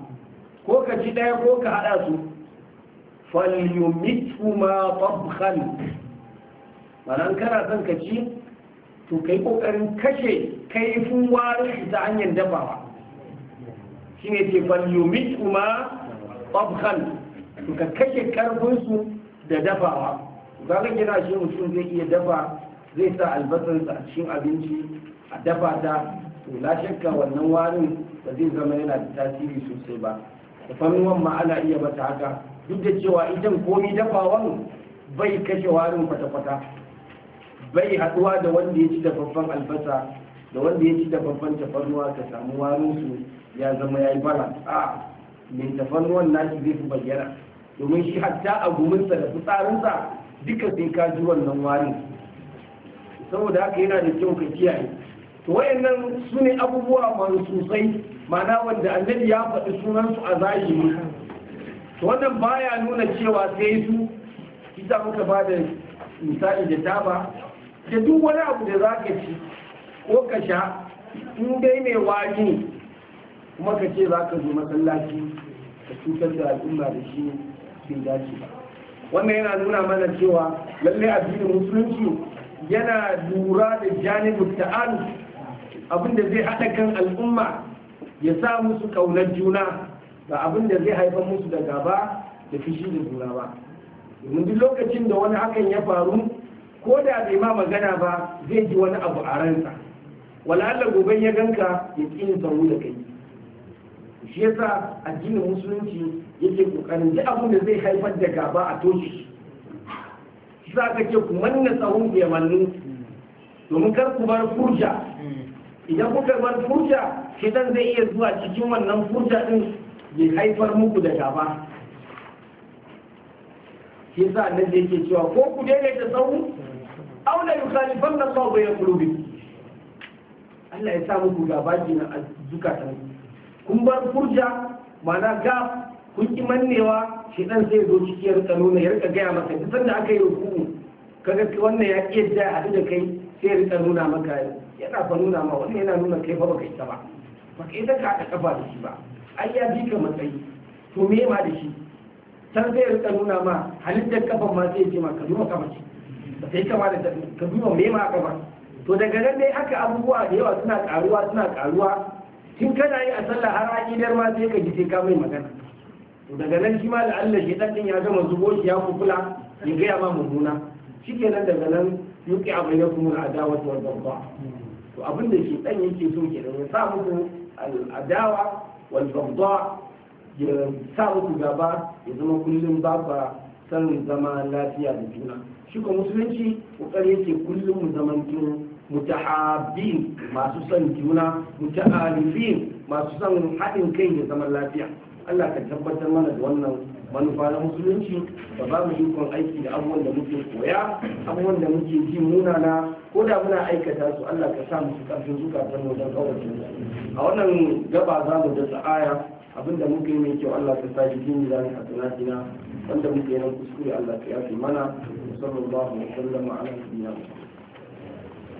ko ka ci daya ko ka hada su falyumitu ma tabkhan malan kana son ka ci to kai kokarin kashe kaifin warin ta hanyar dafawa shine ce falyumitu ma tabkhan to ka kashe karfin su da dafawa ba ka gina shi mutum zai iya dafa zai sa albasarsa a cikin abinci a dafa ta to la shakka wannan warin da zai zama yana da tasiri sosai ba da wan ma ana iya mata haka duk da cewa idan komi dafawan bai kashe warin kwata-kwata bai haduwa da wanda ya ci babban albasa da wanda ya ci babban tafarnuwa ka samu warin su ya zama ya yi bala a mai tafarnuwan nashi zai fi bayyana domin shi hatta a guminsa da fitsarinsa duka sai ka ji wannan warin saboda haka yana da kyau ka kiyaye to wayannan su ne abubuwa sosai ma'ana wanda annabi ya faɗi sunansu a zahiri to wannan baya nuna cewa sai su ita muka ba da misali da taba da duk wani abu da za ka ci ko ka sha in dai mai wani kuma ka ce za ka zo masallaci ka cutar da al'umma da shi bai dace ba wannan yana nuna mana cewa lallai addinin musulunci yana lura da janibin ta'alu da zai haɗa kan al'umma ya sa musu ƙaunar juna ba da zai haifar musu da gaba da fishi da juna ba domin duk lokacin da wani hakan ya faru ko da bai ma magana ba zai ji wani abu a ransa wala'alla gobe ya ganka ya ƙi yin sauro da kai shi yasa addinin musulunci yake kokarin duk abin da zai haifar da gaba a toshe shi sa ka ku manna tsawon ku ya domin kar ku bar furja hmm. idan kuka bar furta shedan zai iya zuwa cikin wannan furta din ya haifar muku da gaba shi yasa annabi yake cewa ko ku daidaita sau aw la yukhalifan Allah bayna qulubi Allah ya sa muku gaba na a zukatan kun bar furta mana ga kun ki mannewa shedan zai zo cikin yarka nuna ya rika gaya maka duk sanda aka yi hukumu kaga wannan ya kiyaye da a da kai sai ya rika nuna maka yana ba nuna ma wani yana nuna kai fa baka ta ba baka da ka haɗa kafa da shi ba ai ya bi ka matsayi to me ma da shi san zai rika nuna ma halittar kafan ma zai ce ma ka duba ka mace ba sai kama da ka duba me ma ba to daga nan dai haka abubuwa da yawa suna karuwa suna karuwa tun kana yi a sallah har a idar ma sai ka ji sai ka mai magana to daga nan shi ma Allah shi din ya gama zubo shi ya kukula ya gaya ma mu shi kenan daga nan yuki abu ya kuma al'adawa wa dabba to abin da shi dan yake so kenan ya sa muku al'adawa wal ya sa muku gaba ya zama kullum ba ba zama lafiya da juna shi ko musulunci kokari yake kullum mu zaman juna mutahabbin masu son juna mutahalifin masu son haɗin kai da zaman lafiya Allah ka tabbatar mana da wannan manufa na musulunci ba ba mu ikon aiki da abubuwan da muke koya abubuwan da muke ji munana ko da muna aikata su Allah ka sa musu karfin ta mu don kawace a wannan gaba za mu da sa'aya abinda muke yi mai kyau Allah ka sa shi jini da hasanatina wanda muke nan kuskure Allah ka yafe mana sallallahu alaihi wa sallam ala nabiyyina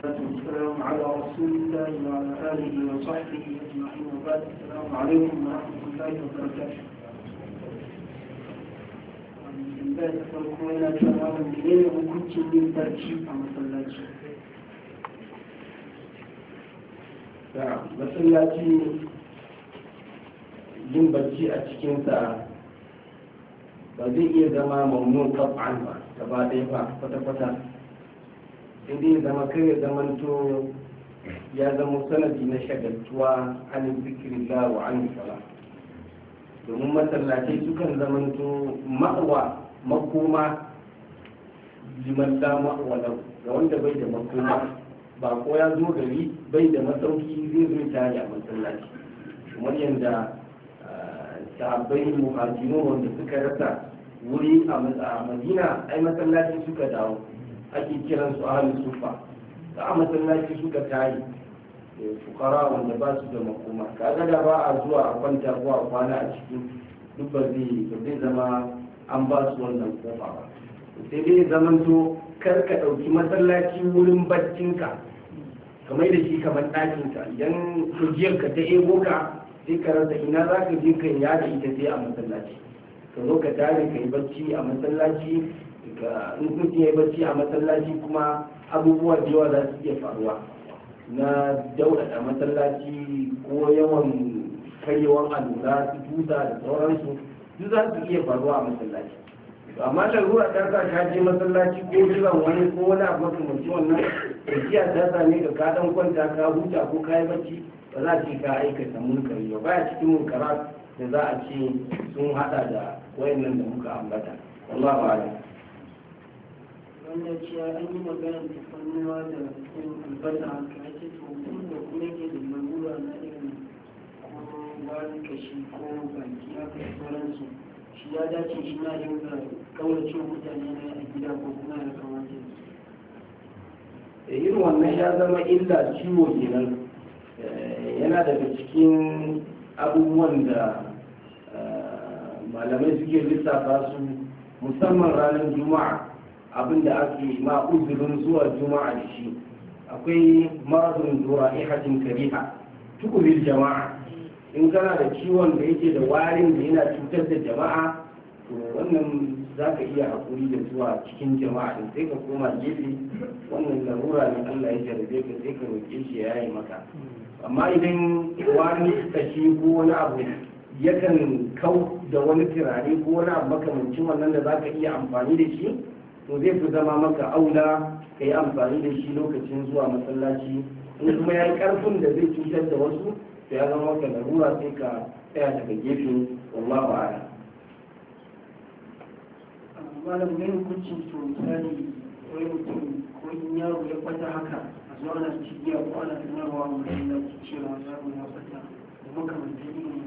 السلام على رسول الله وعلى آله وصحبه أجمعين وبعد السلام عليكم ورحمة الله وبركاته da farko yana cewa hukuncin yin barci a masallaci da masallaci yin barci a cikinsa ba zai iya zama mamnu kaf'an ba gaba ɗaya ba kwata-kwata sai dai zama kai ya to ya zama sanadi na shagaltuwa halin zikirin wa an salat domin masallatai sukan zamanto ma'awa makoma liman dama walau ga wanda bai da makoma ba ko ya zo gari bai da masauki zai zo tare a masallaci kamar yadda ah, sahabbai muhajiru wanda suka rasa wuri a madina ai masallaci suka dawo ake kiran su ahlus sufa da a masallaci suka tayi eh, fukara wanda ba su da makoma kaga da ba a zuwa a kwanta ko a kwana a cikin duk ba zai zama an ba su wannan kofa ba sai dai zamanto kar ka ɗauki masallaci wurin baccinka kamar da shi kamar ɗakinka idan ka ta ego ka sai ka rasa ina za ka je ka yada ita sai a masallaci ka zo ka tare ka yi bacci a masallaci ka in kun yi bacci a masallaci kuma abubuwa da yawa za su iya faruwa na dauɗaɗa masallaci ko yawan karyewar alura su tuta da sauransu duk za su iya faruwa a masallaci amma ruwa ta sa ta je masallaci ko jiran wani ko wani abu makamanci wannan tafiya ta sa ne ka dan kwanta ka huta ko ka yi bacci ba za a ce ka aikata munkari ba baya cikin munkara da za a ce sun hada da wayannan da muka ambata wallahu a'lam wannan ciya an yi maganar tafarnuwa da albasa ka ce to da kuma ke da shi ko baki ya da sauransu shi ya dace shi na dinga kawace mutane na a gida ko kuma ya kawace da eh, irin wannan ya zama illa ciwo kenan eh, yana daga cikin abubuwan da eh, malamai suke lissafa su musamman ranar juma'a abinda ake ma uzurin zuwa juma'a da shi akwai marazin zuwa ihatin kariha tukurin jama'a in kana da ciwon da yake da warin da yana cutar da jama'a to wannan za ka iya haƙuri da zuwa cikin jama'a da sai ka koma gefe wannan larura ne allah ya jarabe ka sai ka roƙe shi ya yi maka amma idan wani tashi ko wani abu yakan kau da wani turare ko wani abu makamancin wannan da za ka iya amfani da shi to zai fi zama maka aula ka yi amfani da shi lokacin zuwa masallaci in kuma ya yi ƙarfin da zai cutar da wasu to ya zama wata larura sai ka tsaya daga gefe wallahu a'lam malam ne hukuncin to misali wani mutum ko in yaro ya kwata haka a zo ana cigiya ko ana sanarwa mutum na cewa yaro ya kwata da makamantan irin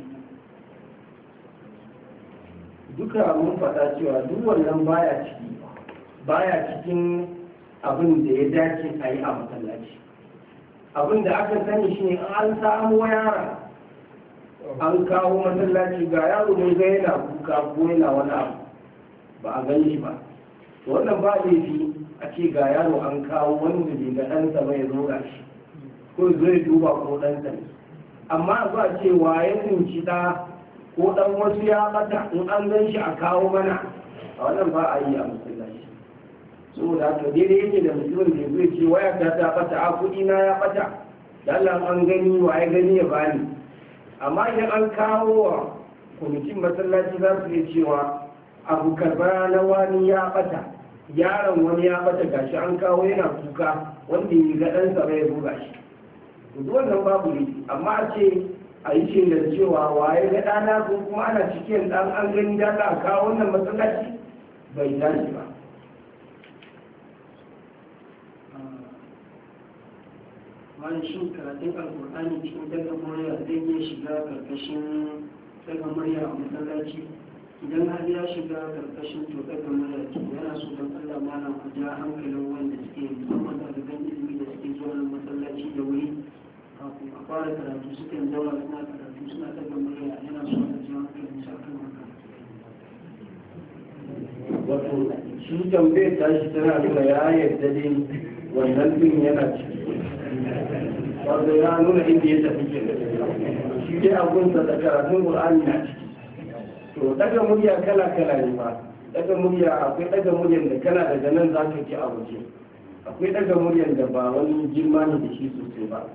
duka mun faɗa cewa duk wannan baya ciki baya cikin abin da ya dace a yi a masallaci abin da aka sani shi ne an samu yara an kawo masallaci ga yaro ne zai yana kuka ko yana wani abu ba a gani ba wannan ba fi a ce ga yaro an kawo wanda bai ga ɗansa ba ya zo ga shi ko zai duba ko ɗansa ne amma ba ce ya tsinci ɗa ko ɗan wasu ya ɓata in an gan shi a kawo mana a wannan ba a yi a musulunci saboda haka daidai yake da mutumin da zai ce waya ta ta bata a kudi na ya bata da an gani wa ya gani ya bani amma idan an kawo wa kwamitin masallaci za su iya cewa abu karba na wani ya bata yaron wani ya bata gashi an kawo yana kuka wanda ya ga ɗansa bai buga shi wannan babu ne amma a ce a yi shelar cewa waye ga dana ko kuma ana cikin ɗan an gani da a kawo wannan masallaci bai dace ba wani shi karatun alkur'ani cikin daga murya zai iya shiga karkashin daga murya a masallaci idan har ya shiga karkashin to daga murya to yana so don allah ma na kuja hankalin wanda suke musamman zan ilimi da suke zuwa matsalaci masallaci da wuri kafin a fara karatu sukan da suna karatu suna daga murya yana so da ja hankalin sa kan haka. wato shi ta tashi tana nuna ya yarda dai wannan din yana ciki wanda ya nuna inda ya tafi ke shi dai abunsa da karatun qur'ani na ciki to daga murya kala kala ne ba daga murya akwai daga muryan da kana daga nan za ka ji a waje akwai daga muryan da ba wani girma ne da shi sosai ba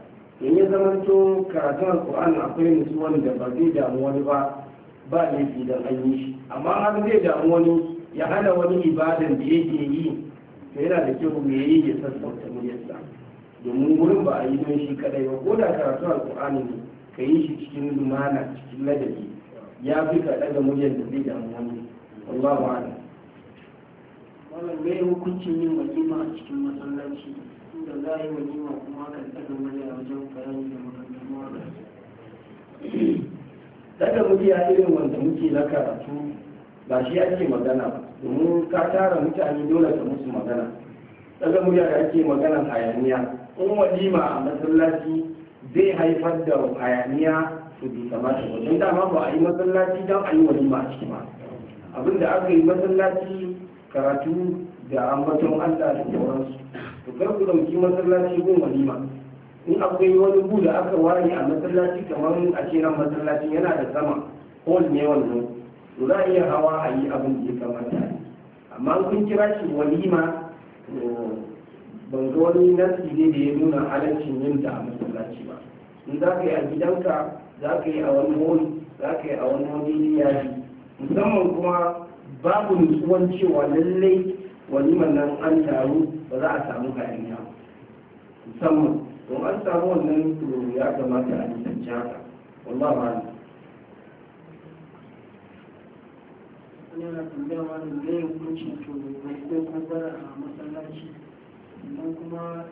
in ya zama to karatun alkur'ani akwai mutuwan da ba zai damu wani ba ba laifi don an yi shi amma har zai damu wani ya hana wani ibadan da yake yi yana da kyau me yi ya sassauta muryarsa domin wurin ba a yi don shi kadai ba ko da karatu alkur'ani ne ka yi shi cikin lumana cikin ladabi ya fi ka daga muryar da zai damu wani wallahu a'lam wannan bai hukuncin yin walima a cikin masallaci inda za a yi walima kuma kan daga murya wajen bayani da maganganu daga murya irin wanda muke na karatu ba shi ake magana ba domin ka tara mutane dole ka musu magana daga murya da ake maganar hayaniya in walima a masallaci zai haifar da hayaniya su bi kamata ba don dama ba a yi masallaci don a yi walima a ciki ba abinda aka yi masallaci karatu da ambaton allah da sauransu to kar ku dauki masallaci gun walima in akwai wani bu da aka ware a masallaci kamar a ce nan masallacin yana da sama hall ne wannan to za a iya hawa a yi abin da ya kamata amma kun kira shi walima eh, ban ga wani nasi ne da ya nuna halaccin yin da a masallaci ba in za ka yi a gidanka za ka yi a wani holi za ka yi a wani wani yaji musamman kuma babu nutsuwan cewa lallai waliman nan an taru ba za a samu hayaniya musamman don an samu wannan ya kamata a nisan haka wallah ba yana tambaya wani zai hukunci to mai ko kubara a masallaci sannan kuma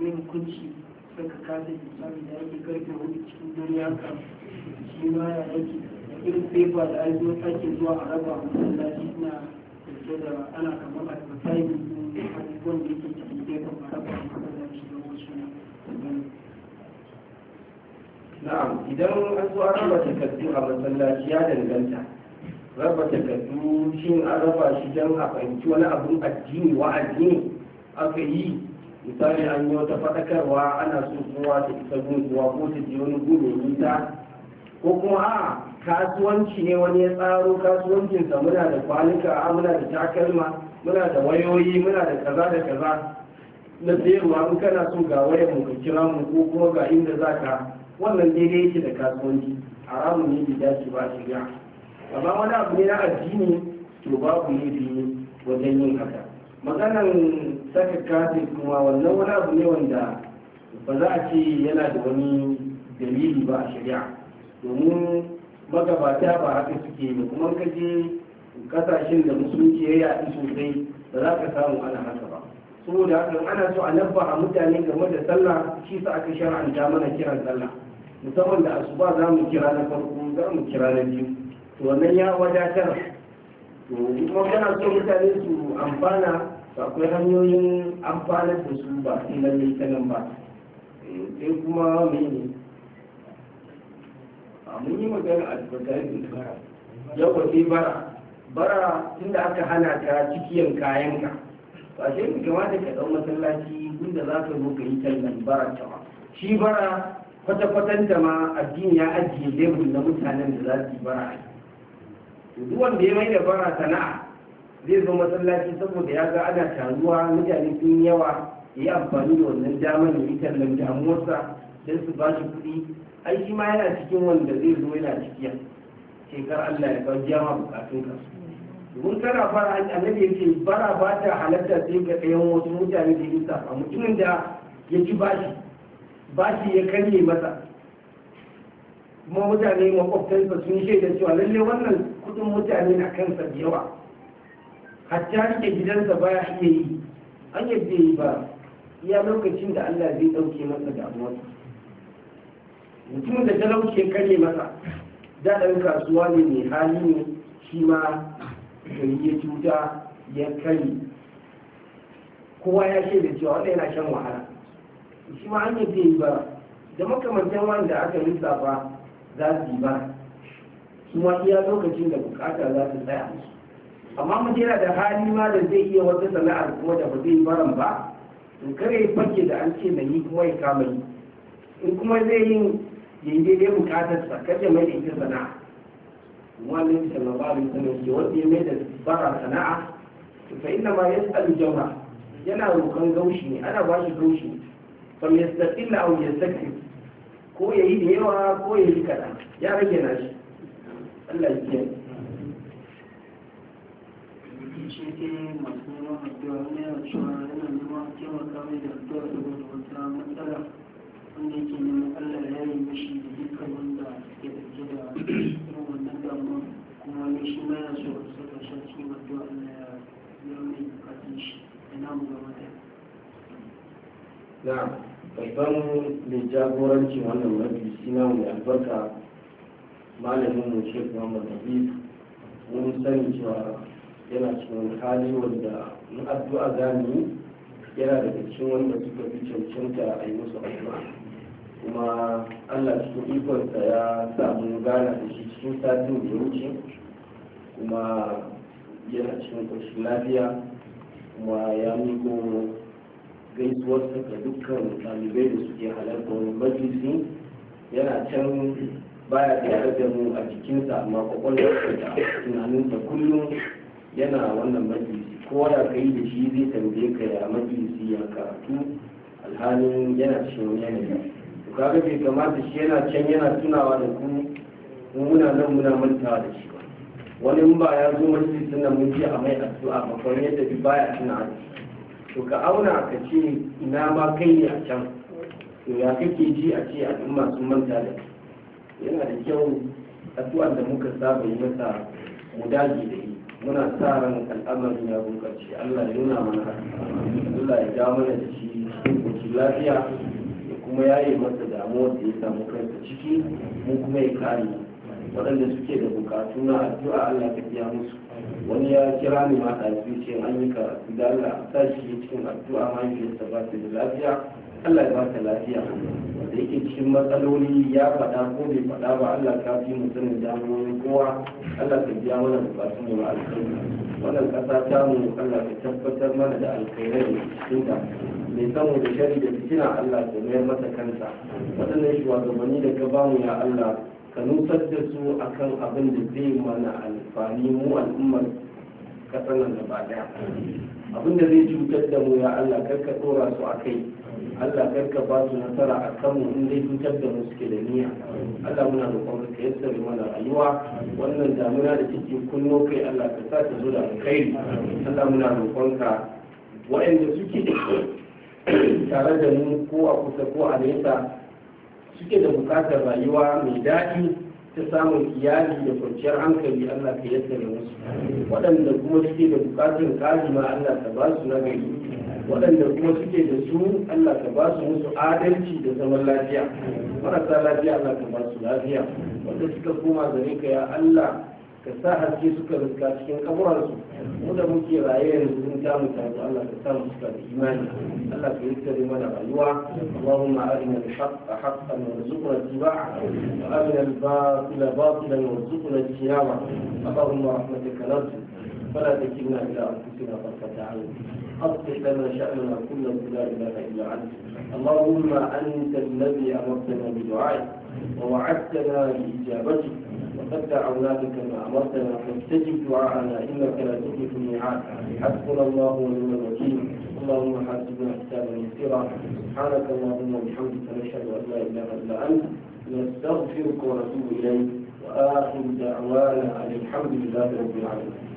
zai hukunci saka kasa misali da yake karfe hudu cikin dare haka shi ma ya yake irin pepa da ai zo sake zuwa a raba masallaci na da da ana kamar advertising abubuwan da yake cikin pepa a raba masallaci don wasu na'am idan an zo an raba takardu a masallaci ya danganta raba takardu shin a raba shi don a fahimci wani abun addini wa'azi ne aka yi misali an yi wata faɗakarwa ana so kowa ta isa gunguwa ko ta je wani gudu mai ko kuma a kasuwanci ne wani ya tsaro kasuwancinsa muna da kwanuka a muna da takalma muna da wayoyi muna da kaza da kaza na sayarwa in kana so ga wayar mu ka kira mu ko kuma ga inda za ka wannan daidai yake da kasuwanci haramun ne bai dace ba shiga amma wani abu ne na addini to babu biyu wajen yin haka maganan saka kafin kuma wannan wani abu ne wanda ba za a ce yana da wani dalili ba a shari'a domin magabata ba haka suke ba kuma kaje je kasashen da musulunci ya yaɗi sosai ba za ka samu ana haka ba saboda haka ana so a nafa a mutane game da sallah shi sa aka shar'anta mana kiran sallah musamman da asuba za mu kira na farko za mu kira na biyu wannan ya wadatar kuma kana so mutane su amfana akwai hanyoyin amfana da su ba sai lalle ta nan ba eh, sai kuma ne a mun yi magana advertising bara yau ba sai bara bara inda aka hana ka cikiyan kayan ka ba sai mu kamata ka dau masallaci inda za ka zo ka yi tallan bara ta ba shi bara kwata-kwatanta ma addini ya ajiye lebur na mutanen da za su yi bara a duk wanda ya mai da fara sana'a zai zo masallaci saboda ya ga ana taruwa mutane sun yawa ya yi amfani da wannan damar ya yi tallan damuwarsa don su ba shi kuɗi ai shi ma yana cikin wanda zai zo yana ciki shekar Allah ya kawo jama ka mun kana fara annabi yake bara ba ta halatta sai ga ɗayan wasu mutane da yin safa mutumin da ya ci bashi bashi ya karye masa kuma mutane makwabtansa sun shaida cewa lalle wannan kudin mutane na kansa da yawa hatta rike gidansa baya iya yi an yadda yi ba iya lokacin da Allah zai ɗauke masa da damuwarsa mutumin da talauce kare masa da ɗan kasuwa ne mai hali ne shi ma gari ya cuta ya kare kowa ya ce da cewa wanda yana shan wahala shi ma an yadda yi ba da makamantar wanda aka lissafa za su yi ba su iya lokacin da bukata za ta tsaya amma mu yana da hali ma da zai iya wata sana'ar kuma da ba zai yi baran ba to kare ya fake da an ce na yi kuma ya kama yi in kuma zai yin yanzu dai bukatar sa kaje mai da ita sana'a wani da alaihi wasallam ke wanda ya mai da bara sana'a to fa inna ma yas'alu jama'a yana roƙon gaushi ne ana ba shi gaushi fa yastaqilla aw yastakthir ko yayi da yawa ko yayi kaɗan ya rage na shi Allah ya cikin masu neman addu'a wani yana cewa yana neman taimaka mai da addu'a saboda wata matsala wanda ya yi da da cikin yi mai bukatun da namu wannan majalisi na albarka malamin mu shi muhammad nabi mun sani cewa yana cikin hali wanda in addu'a za yana daga cikin wanda suka fi cancanta a yi musu addu'a kuma allah cikin ikonsa ya samu gana da shi cikin satin da wuce kuma yana cikin ƙoshin lafiya kuma ya miko gaisuwar ga dukkan ɗalibai da suke halarta wani majalisi yana can baya tare da mu a jikinsa amma kwakwalwarsa da tunanin da kullum yana wannan majalisi ko da kai da shi zai tambaye ka ya majalisi ya karatu alhalin yana cikin wani yanayi to kaga bai kamata shi yana can yana tunawa da ku muna nan muna mantawa da shi wani in ba ya zo majalisin nan mun ji a mai addu'a ba kawai yadda bi baya tunawa da to ka auna ka ce ina ma kai ne a can to ya kake ji a ce al'umma sun manta da kai yana da kyau addu'ar da muka saba yi mata mu dage da yi muna sa ran al'amarin ya bukaci Allah ya nuna mana Allah ya ja mana da shi cikin lafiya da kuma ya yi masa damuwar da ya samu kansa ciki mu kuma ya kare waɗanda suke da bukatu na addu'a Allah ya biya musu wani ya kira ni mata zuciya an yi karatu da Allah a sa shi cikin addu'a mahaifiyarsa ba da lafiya Allah ya baka lafiya da yake cikin matsaloli ya faɗa ko bai faɗa ba Allah ka fi mutumin damuwoyin kowa Allah ka biya mana bukatun mu alkhairi wannan ƙasa ta mu Allah ka tabbatar mana da alkhairai da cikin ta mai samu da shari da fitina Allah ka mayar masa kanta waɗannan shugabanni da ka bamu ya Allah ka nusar da su akan abin da zai mana alfani mu al'ummar kasar nan gaba ɗaya abin da zai cutar da mu ya Allah karka ka su a kai Allah karka ba su nasara a kanmu in dai cutar da mu suke da niyya Allah muna roƙon ka da mana rayuwa wannan damuna da take kunno kai Allah ka sa ta zo da alkhairi Allah muna roƙon ka waɗanda suke tare da mu ko a kusa ko a nesa suke da buƙatar rayuwa mai daɗi ta samun iyali da kwanciyar hankali Allah ka da musu waɗanda kuma suke da bukatun kajima Allah ka ba su nagari waɗanda kuma suke da su Allah ka ba su musu adalci da zaman lafiya marasa lafiya Allah ka ba su lafiya wanda suka koma gare ka ya Allah ka sa haske suka riska cikin kaburansu mu da muke raye yanzu mun ta mutane Allah ka sa mu suka da imani Allah ka yassare mana rayuwa Allahumma arina al-haqqa haqqan warzuqna ittiba'a wa arina al-batila batilan warzuqna ijtinaba Allahumma rahmataka narju فلا تكلنا إلى أنفسنا طرفة عين أصلح لنا شأننا كله لا إله إلا أنت اللهم أنت الذي أمرتنا بدعائك ووعدتنا بإجابتك متع أولادك ما أمرتنا فاستجب دعاءنا إنك لا تخلف الميعاد حسبنا الله ونعم الوكيل اللهم حاسبنا حسابا يسيرا سبحانك اللهم وبحمدك نشهد أن لا إله إلا أنت نستغفرك ونتوب إليك وآخر دعوانا أن الحمد لله رب العالمين